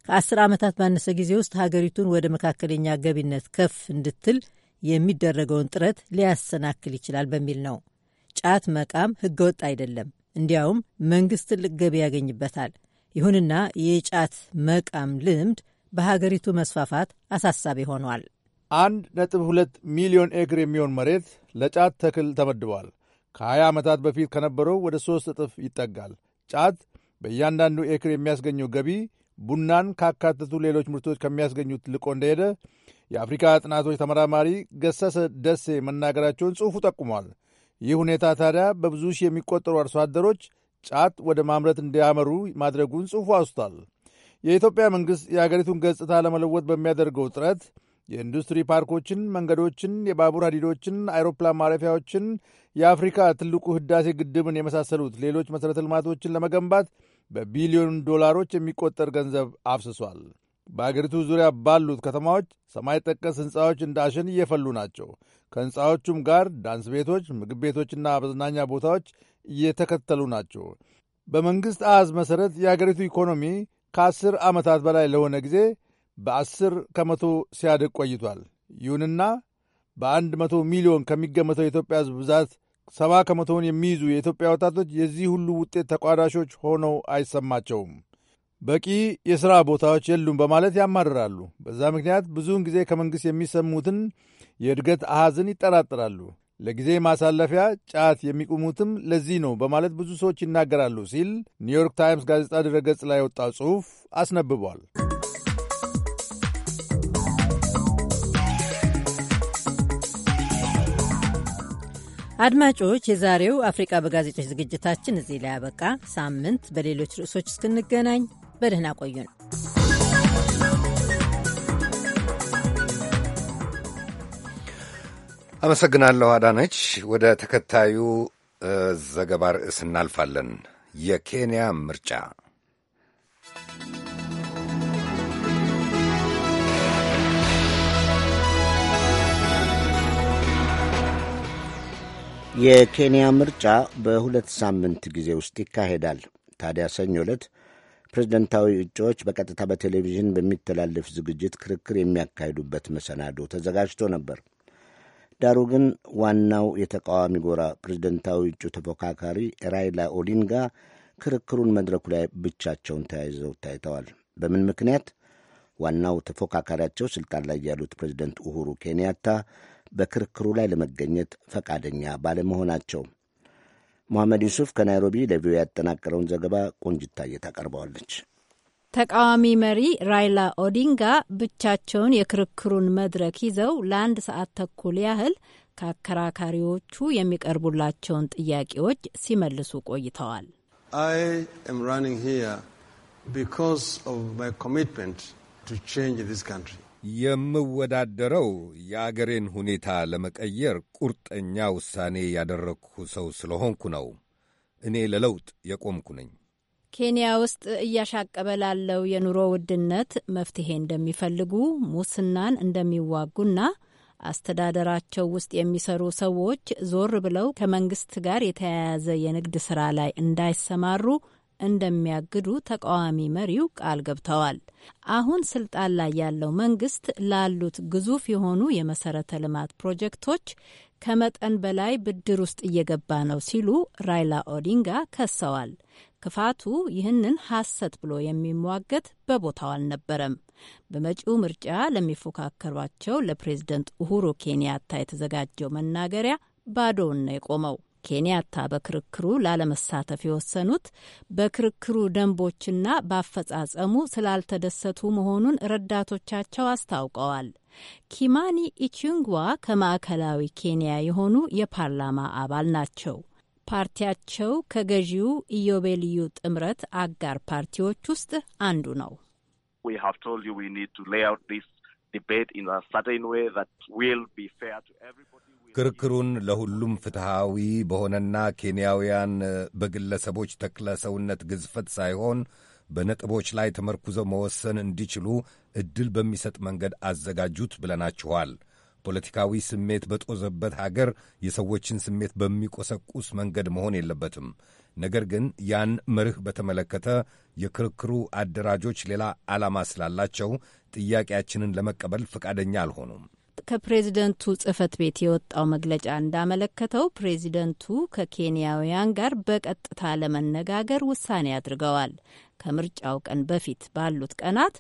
ከአስር ዓመታት ባነሰ ጊዜ ውስጥ ሀገሪቱን ወደ መካከለኛ ገቢነት ከፍ እንድትል የሚደረገውን ጥረት ሊያሰናክል ይችላል በሚል ነው። ጫት መቃም ህገወጥ አይደለም፣ እንዲያውም መንግስት ትልቅ ገቢ ያገኝበታል። ይሁንና የጫት መቃም ልምድ በሀገሪቱ መስፋፋት አሳሳቢ ሆኗል። አንድ ነጥብ ሁለት ሚሊዮን ኤክር የሚሆን መሬት ለጫት ተክል ተመድቧል። ከ20 ዓመታት በፊት ከነበረው ወደ ሦስት እጥፍ ይጠጋል። ጫት በእያንዳንዱ ኤክር የሚያስገኘው ገቢ ቡናን ካካተቱ ሌሎች ምርቶች ከሚያስገኙት ልቆ እንደሄደ የአፍሪካ ጥናቶች ተመራማሪ ገሰሰ ደሴ መናገራቸውን ጽሑፉ ጠቁሟል። ይህ ሁኔታ ታዲያ በብዙ ሺህ የሚቆጠሩ አርሶ አደሮች ጫት ወደ ማምረት እንዲያመሩ ማድረጉን ጽሑፉ አውስቷል። የኢትዮጵያ መንግሥት የአገሪቱን ገጽታ ለመለወጥ በሚያደርገው ጥረት የኢንዱስትሪ ፓርኮችን፣ መንገዶችን፣ የባቡር ሀዲዶችን፣ አይሮፕላን ማረፊያዎችን፣ የአፍሪካ ትልቁ ህዳሴ ግድብን የመሳሰሉት ሌሎች መሠረተ ልማቶችን ለመገንባት በቢሊዮን ዶላሮች የሚቆጠር ገንዘብ አፍስሷል። በአገሪቱ ዙሪያ ባሉት ከተማዎች ሰማይ ጠቀስ ሕንፃዎች እንደ አሸን እየፈሉ ናቸው። ከሕንፃዎቹም ጋር ዳንስ ቤቶች፣ ምግብ ቤቶችና መዝናኛ ቦታዎች እየተከተሉ ናቸው። በመንግሥት አሃዝ መሠረት የአገሪቱ ኢኮኖሚ ከአስር ዓመታት በላይ ለሆነ ጊዜ በአስር ከመቶ ሲያድግ ቆይቷል። ይሁንና በአንድ መቶ ሚሊዮን ከሚገመተው የኢትዮጵያ ሕዝብ ብዛት ሰባ ከመቶውን የሚይዙ የኢትዮጵያ ወጣቶች የዚህ ሁሉ ውጤት ተቋዳሾች ሆነው አይሰማቸውም። በቂ የሥራ ቦታዎች የሉም በማለት ያማርራሉ። በዛ ምክንያት ብዙውን ጊዜ ከመንግሥት የሚሰሙትን የእድገት አሐዝን ይጠራጠራሉ። ለጊዜ ማሳለፊያ ጫት የሚቁሙትም ለዚህ ነው በማለት ብዙ ሰዎች ይናገራሉ ሲል ኒውዮርክ ታይምስ ጋዜጣ ድረገጽ ላይ የወጣ ጽሑፍ አስነብቧል። አድማጮች፣ የዛሬው አፍሪቃ በጋዜጦች ዝግጅታችን እዚህ ላይ ያበቃ። ሳምንት በሌሎች ርዕሶች እስክንገናኝ በደህና ቆዩን። አመሰግናለሁ አዳነች። ወደ ተከታዩ ዘገባ ርዕስ እናልፋለን። የኬንያ ምርጫ የኬንያ ምርጫ በሁለት ሳምንት ጊዜ ውስጥ ይካሄዳል። ታዲያ ሰኞ ዕለት ፕሬዝደንታዊ እጩዎች በቀጥታ በቴሌቪዥን በሚተላለፍ ዝግጅት ክርክር የሚያካሂዱበት መሰናዶ ተዘጋጅቶ ነበር። ዳሩ ግን ዋናው የተቃዋሚ ጎራ ፕሬዝደንታዊ እጩ ተፎካካሪ ራይላ ኦዲንጋ ክርክሩን መድረኩ ላይ ብቻቸውን ተያይዘው ታይተዋል። በምን ምክንያት? ዋናው ተፎካካሪያቸው ስልጣን ላይ ያሉት ፕሬዝደንት ኡሁሩ ኬንያታ በክርክሩ ላይ ለመገኘት ፈቃደኛ ባለመሆናቸው። መሐመድ ዩሱፍ ከናይሮቢ ለቪዮ ያጠናቀረውን ዘገባ ቆንጅታየ ታቀርበዋለች። ተቃዋሚ መሪ ራይላ ኦዲንጋ ብቻቸውን የክርክሩን መድረክ ይዘው ለአንድ ሰዓት ተኩል ያህል ከአከራካሪዎቹ የሚቀርቡላቸውን ጥያቄዎች ሲመልሱ ቆይተዋል። ም ራኒንግ ሂር ኮሚትመንት ቱ ቼንጅ ዚስ ካንትሪ የምወዳደረው የአገሬን ሁኔታ ለመቀየር ቁርጠኛ ውሳኔ ያደረግሁ ሰው ስለሆንኩ ነው። እኔ ለለውጥ የቆምኩ ነኝ። ኬንያ ውስጥ እያሻቀበ ላለው የኑሮ ውድነት መፍትሄ እንደሚፈልጉ፣ ሙስናን እንደሚዋጉና አስተዳደራቸው ውስጥ የሚሰሩ ሰዎች ዞር ብለው ከመንግስት ጋር የተያያዘ የንግድ ስራ ላይ እንዳይሰማሩ እንደሚያግዱ ተቃዋሚ መሪው ቃል ገብተዋል። አሁን ስልጣን ላይ ያለው መንግስት ላሉት ግዙፍ የሆኑ የመሰረተ ልማት ፕሮጀክቶች ከመጠን በላይ ብድር ውስጥ እየገባ ነው ሲሉ ራይላ ኦዲንጋ ከሰዋል። ክፋቱ ይህንን ሐሰት ብሎ የሚሟገት በቦታው አልነበረም። በመጪው ምርጫ ለሚፎካከሯቸው ለፕሬዝደንት ኡሁሩ ኬንያታ የተዘጋጀው መናገሪያ ባዶውን ነው የቆመው። ኬንያታ በክርክሩ ላለመሳተፍ የወሰኑት በክርክሩ ደንቦችና በአፈጻጸሙ ስላልተደሰቱ መሆኑን ረዳቶቻቸው አስታውቀዋል። ኪማኒ ኢቺንጓ ከማዕከላዊ ኬንያ የሆኑ የፓርላማ አባል ናቸው። ፓርቲያቸው ከገዢው ኢዮቤልዩ ጥምረት አጋር ፓርቲዎች ውስጥ አንዱ ነው። ክርክሩን ለሁሉም ፍትሐዊ በሆነና ኬንያውያን በግለሰቦች ተክለ ሰውነት ግዝፈት ሳይሆን በነጥቦች ላይ ተመርኩዘው መወሰን እንዲችሉ ዕድል በሚሰጥ መንገድ አዘጋጁት ብለናችኋል። ፖለቲካዊ ስሜት በጦዘበት ሀገር የሰዎችን ስሜት በሚቆሰቁስ መንገድ መሆን የለበትም። ነገር ግን ያን መርህ በተመለከተ የክርክሩ አደራጆች ሌላ ዓላማ ስላላቸው ጥያቄያችንን ለመቀበል ፈቃደኛ አልሆኑም። ከፕሬዝደንቱ ጽህፈት ቤት የወጣው መግለጫ እንዳመለከተው ፕሬዚደንቱ ከኬንያውያን ጋር በቀጥታ ለመነጋገር ውሳኔ አድርገዋል። ከምርጫው ቀን በፊት ባሉት ቀናት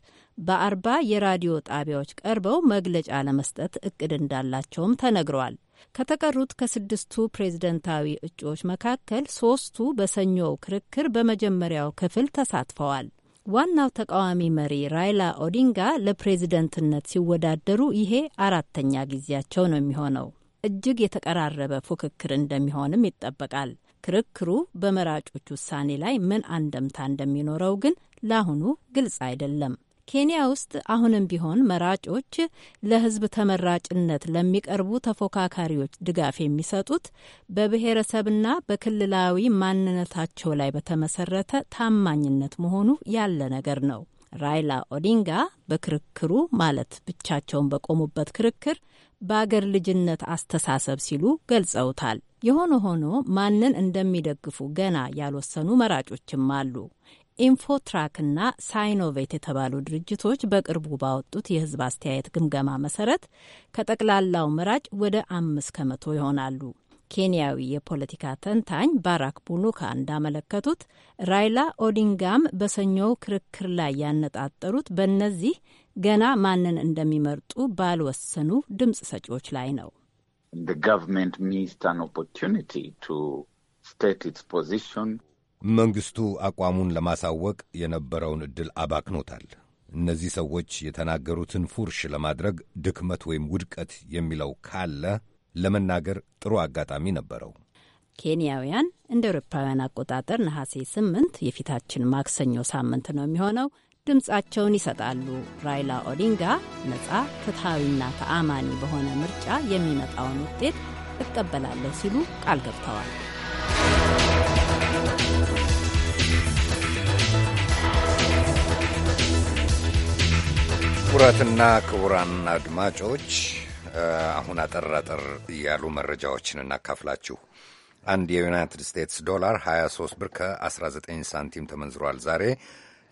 በአርባ የራዲዮ ጣቢያዎች ቀርበው መግለጫ ለመስጠት እቅድ እንዳላቸውም ተነግሯል። ከተቀሩት ከስድስቱ ፕሬዝደንታዊ እጩዎች መካከል ሶስቱ በሰኞው ክርክር በመጀመሪያው ክፍል ተሳትፈዋል። ዋናው ተቃዋሚ መሪ ራይላ ኦዲንጋ ለፕሬዝደንትነት ሲወዳደሩ ይሄ አራተኛ ጊዜያቸው ነው የሚሆነው። እጅግ የተቀራረበ ፉክክር እንደሚሆንም ይጠበቃል። ክርክሩ በመራጮች ውሳኔ ላይ ምን አንደምታ እንደሚኖረው ግን ለአሁኑ ግልጽ አይደለም። ኬንያ ውስጥ አሁንም ቢሆን መራጮች ለሕዝብ ተመራጭነት ለሚቀርቡ ተፎካካሪዎች ድጋፍ የሚሰጡት በብሔረሰብና በክልላዊ ማንነታቸው ላይ በተመሰረተ ታማኝነት መሆኑ ያለ ነገር ነው። ራይላ ኦዲንጋ በክርክሩ ማለት ብቻቸውን በቆሙበት ክርክር በአገር ልጅነት አስተሳሰብ ሲሉ ገልጸውታል። የሆነ ሆኖ ማንን እንደሚደግፉ ገና ያልወሰኑ መራጮችም አሉ። ኢንፎትራክ እና ሳይኖቬት የተባሉ ድርጅቶች በቅርቡ ባወጡት የህዝብ አስተያየት ግምገማ መሰረት ከጠቅላላው መራጭ ወደ አምስት ከመቶ ይሆናሉ። ኬንያዊ የፖለቲካ ተንታኝ ባራክ ቡኑካ እንዳመለከቱት ራይላ ኦዲንጋም በሰኞው ክርክር ላይ ያነጣጠሩት በእነዚህ ገና ማንን እንደሚመርጡ ባልወሰኑ ድምፅ ሰጪዎች ላይ ነው። The government missed an opportunity to state its position. መንግሥቱ አቋሙን ለማሳወቅ የነበረውን ዕድል አባክኖታል። እነዚህ ሰዎች የተናገሩትን ፉርሽ ለማድረግ ድክመት ወይም ውድቀት የሚለው ካለ ለመናገር ጥሩ አጋጣሚ ነበረው። ኬንያውያን እንደ አውሮፓውያን አቆጣጠር ነሐሴ ስምንት የፊታችን ማክሰኞ ሳምንት ነው የሚሆነው ድምፃቸውን ይሰጣሉ። ራይላ ኦዲንጋ ነፃ ፍትሐዊና ተአማኒ በሆነ ምርጫ የሚመጣውን ውጤት እቀበላለሁ ሲሉ ቃል ገብተዋል። ክቡራትና ክቡራን አድማጮች አሁን አጠር አጠር ያሉ መረጃዎችን እናካፍላችሁ። አንድ የዩናይትድ ስቴትስ ዶላር 23 ብር ከ19 ሳንቲም ተመንዝሯል። ዛሬ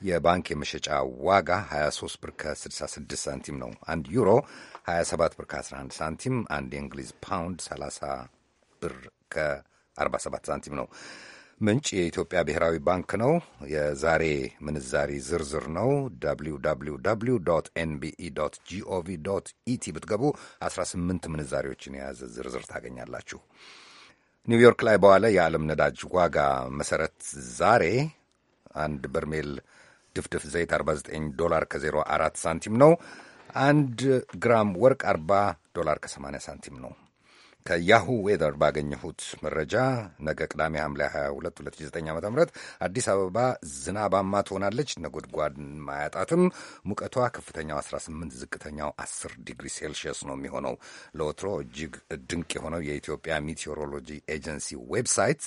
የባንክ የመሸጫ ዋጋ 23 ብር ከ66 ሳንቲም ነው። አንድ ዩሮ 27 ብር ከ11 ሳንቲም፣ አንድ የእንግሊዝ ፓውንድ 30 ብር ከ47 ሳንቲም ነው። ምንጭ የኢትዮጵያ ብሔራዊ ባንክ ነው። የዛሬ ምንዛሪ ዝርዝር ነው። www ኤንቢኢ ጂኦቪ ኢቲ ብትገቡ 18 ምንዛሪዎችን የያዘ ዝርዝር ታገኛላችሁ። ኒውዮርክ ላይ በዋለ የዓለም ነዳጅ ዋጋ መሰረት ዛሬ አንድ በርሜል ድፍድፍ ዘይት 49 ዶላር ከ04 ሳንቲም ነው። አንድ ግራም ወርቅ 40 ዶላር ከ80 ሳንቲም ነው። ከያሁ ዌዘር ባገኘሁት መረጃ ነገ ቅዳሜ ሐምሌ 22 2009 ዓ ም አዲስ አበባ ዝናባማ ትሆናለች። ነጎድጓድ ማያጣትም። ሙቀቷ ከፍተኛው 18፣ ዝቅተኛው 10 ዲግሪ ሴልሺየስ ነው የሚሆነው። ለወትሮ እጅግ ድንቅ የሆነው የኢትዮጵያ ሚቴዎሮሎጂ ኤጀንሲ ዌብሳይት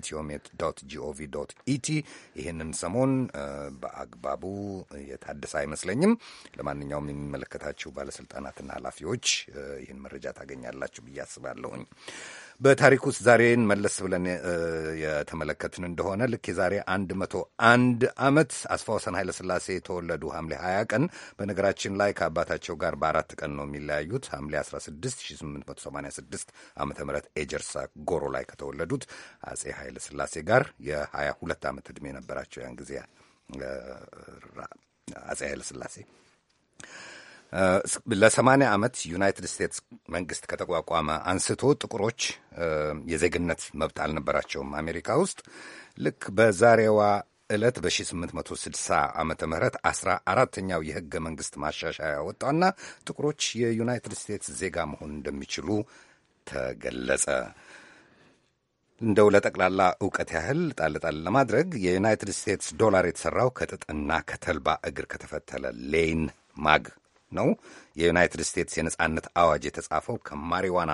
ኢትዮሜት ዶት ጂኦቪ ዶት ኢቲ። ይህንን ሰሞን በአግባቡ የታደሰ አይመስለኝም። ለማንኛውም የሚመለከታችሁ ባለስልጣናትና ኃላፊዎች ይህን መረጃ ታገኛላችሁ ብዬ አስባለሁኝ። በታሪክ ውስጥ ዛሬን መለስ ብለን የተመለከትን እንደሆነ ልክ የዛሬ አንድ መቶ አንድ ዓመት አስፋወሰን ኃይለ ኃይለሥላሴ የተወለዱ ሐምሌ 20 ቀን በነገራችን ላይ ከአባታቸው ጋር በአራት ቀን ነው የሚለያዩት ሐምሌ 16 1886 ዓ ም ኤጀርሳ ጎሮ ላይ ከተወለዱት አጼ ኃይለሥላሴ ጋር የ22 ዓመት ዕድሜ ነበራቸው ያን ጊዜ አጼ ኃይለሥላሴ ለሰማንያ ዓመት ዩናይትድ ስቴትስ መንግስት ከተቋቋመ አንስቶ ጥቁሮች የዜግነት መብት አልነበራቸውም አሜሪካ ውስጥ። ልክ በዛሬዋ ዕለት በ1860 ዓመተ ምህረት አስራ አራተኛው የህገ መንግስት ማሻሻያ ወጣና ጥቁሮች የዩናይትድ ስቴትስ ዜጋ መሆን እንደሚችሉ ተገለጸ። እንደው ለጠቅላላ እውቀት ያህል ጣልጣል ለማድረግ የዩናይትድ ስቴትስ ዶላር የተሠራው ከጥጥና ከተልባ እግር ከተፈተለ ሌይን ማግ ነው። የዩናይትድ ስቴትስ የነጻነት አዋጅ የተጻፈው ከማሪዋና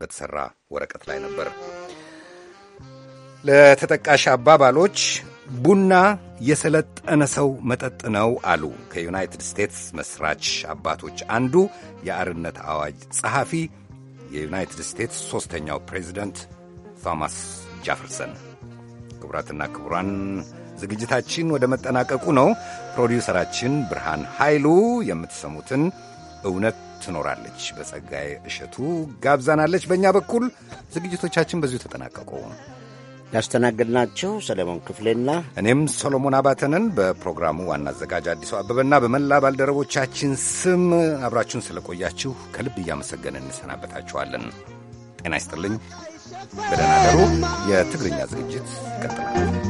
በተሰራ ወረቀት ላይ ነበር። ለተጠቃሽ አባባሎች ቡና የሰለጠነ ሰው መጠጥ ነው አሉ ከዩናይትድ ስቴትስ መስራች አባቶች አንዱ የአርነት አዋጅ ጸሐፊ የዩናይትድ ስቴትስ ሦስተኛው ፕሬዚደንት ቶማስ ጃፈርሰን። ክቡራትና ክቡራን ዝግጅታችን ወደ መጠናቀቁ ነው። ፕሮዲውሰራችን ብርሃን ኃይሉ የምትሰሙትን እውነት ትኖራለች በጸጋዬ እሸቱ ጋብዛናለች። በእኛ በኩል ዝግጅቶቻችን በዚሁ ተጠናቀቁ። ያስተናገድናችሁ ሰለሞን ክፍሌና እኔም ሰሎሞን አባተንን በፕሮግራሙ ዋና አዘጋጅ አዲሱ አበበና በመላ ባልደረቦቻችን ስም አብራችሁን ስለቆያችሁ ከልብ እያመሰገንን እንሰናበታችኋለን። ጤና ይስጥልኝ። በደህና ደሩ። የትግርኛ ዝግጅት ይቀጥላል።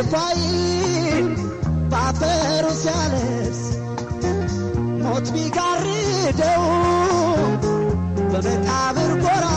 ሲገባይ ባፈሩ ሲያለብስ ሞት ቢጋርደው በመቃብር ጎራ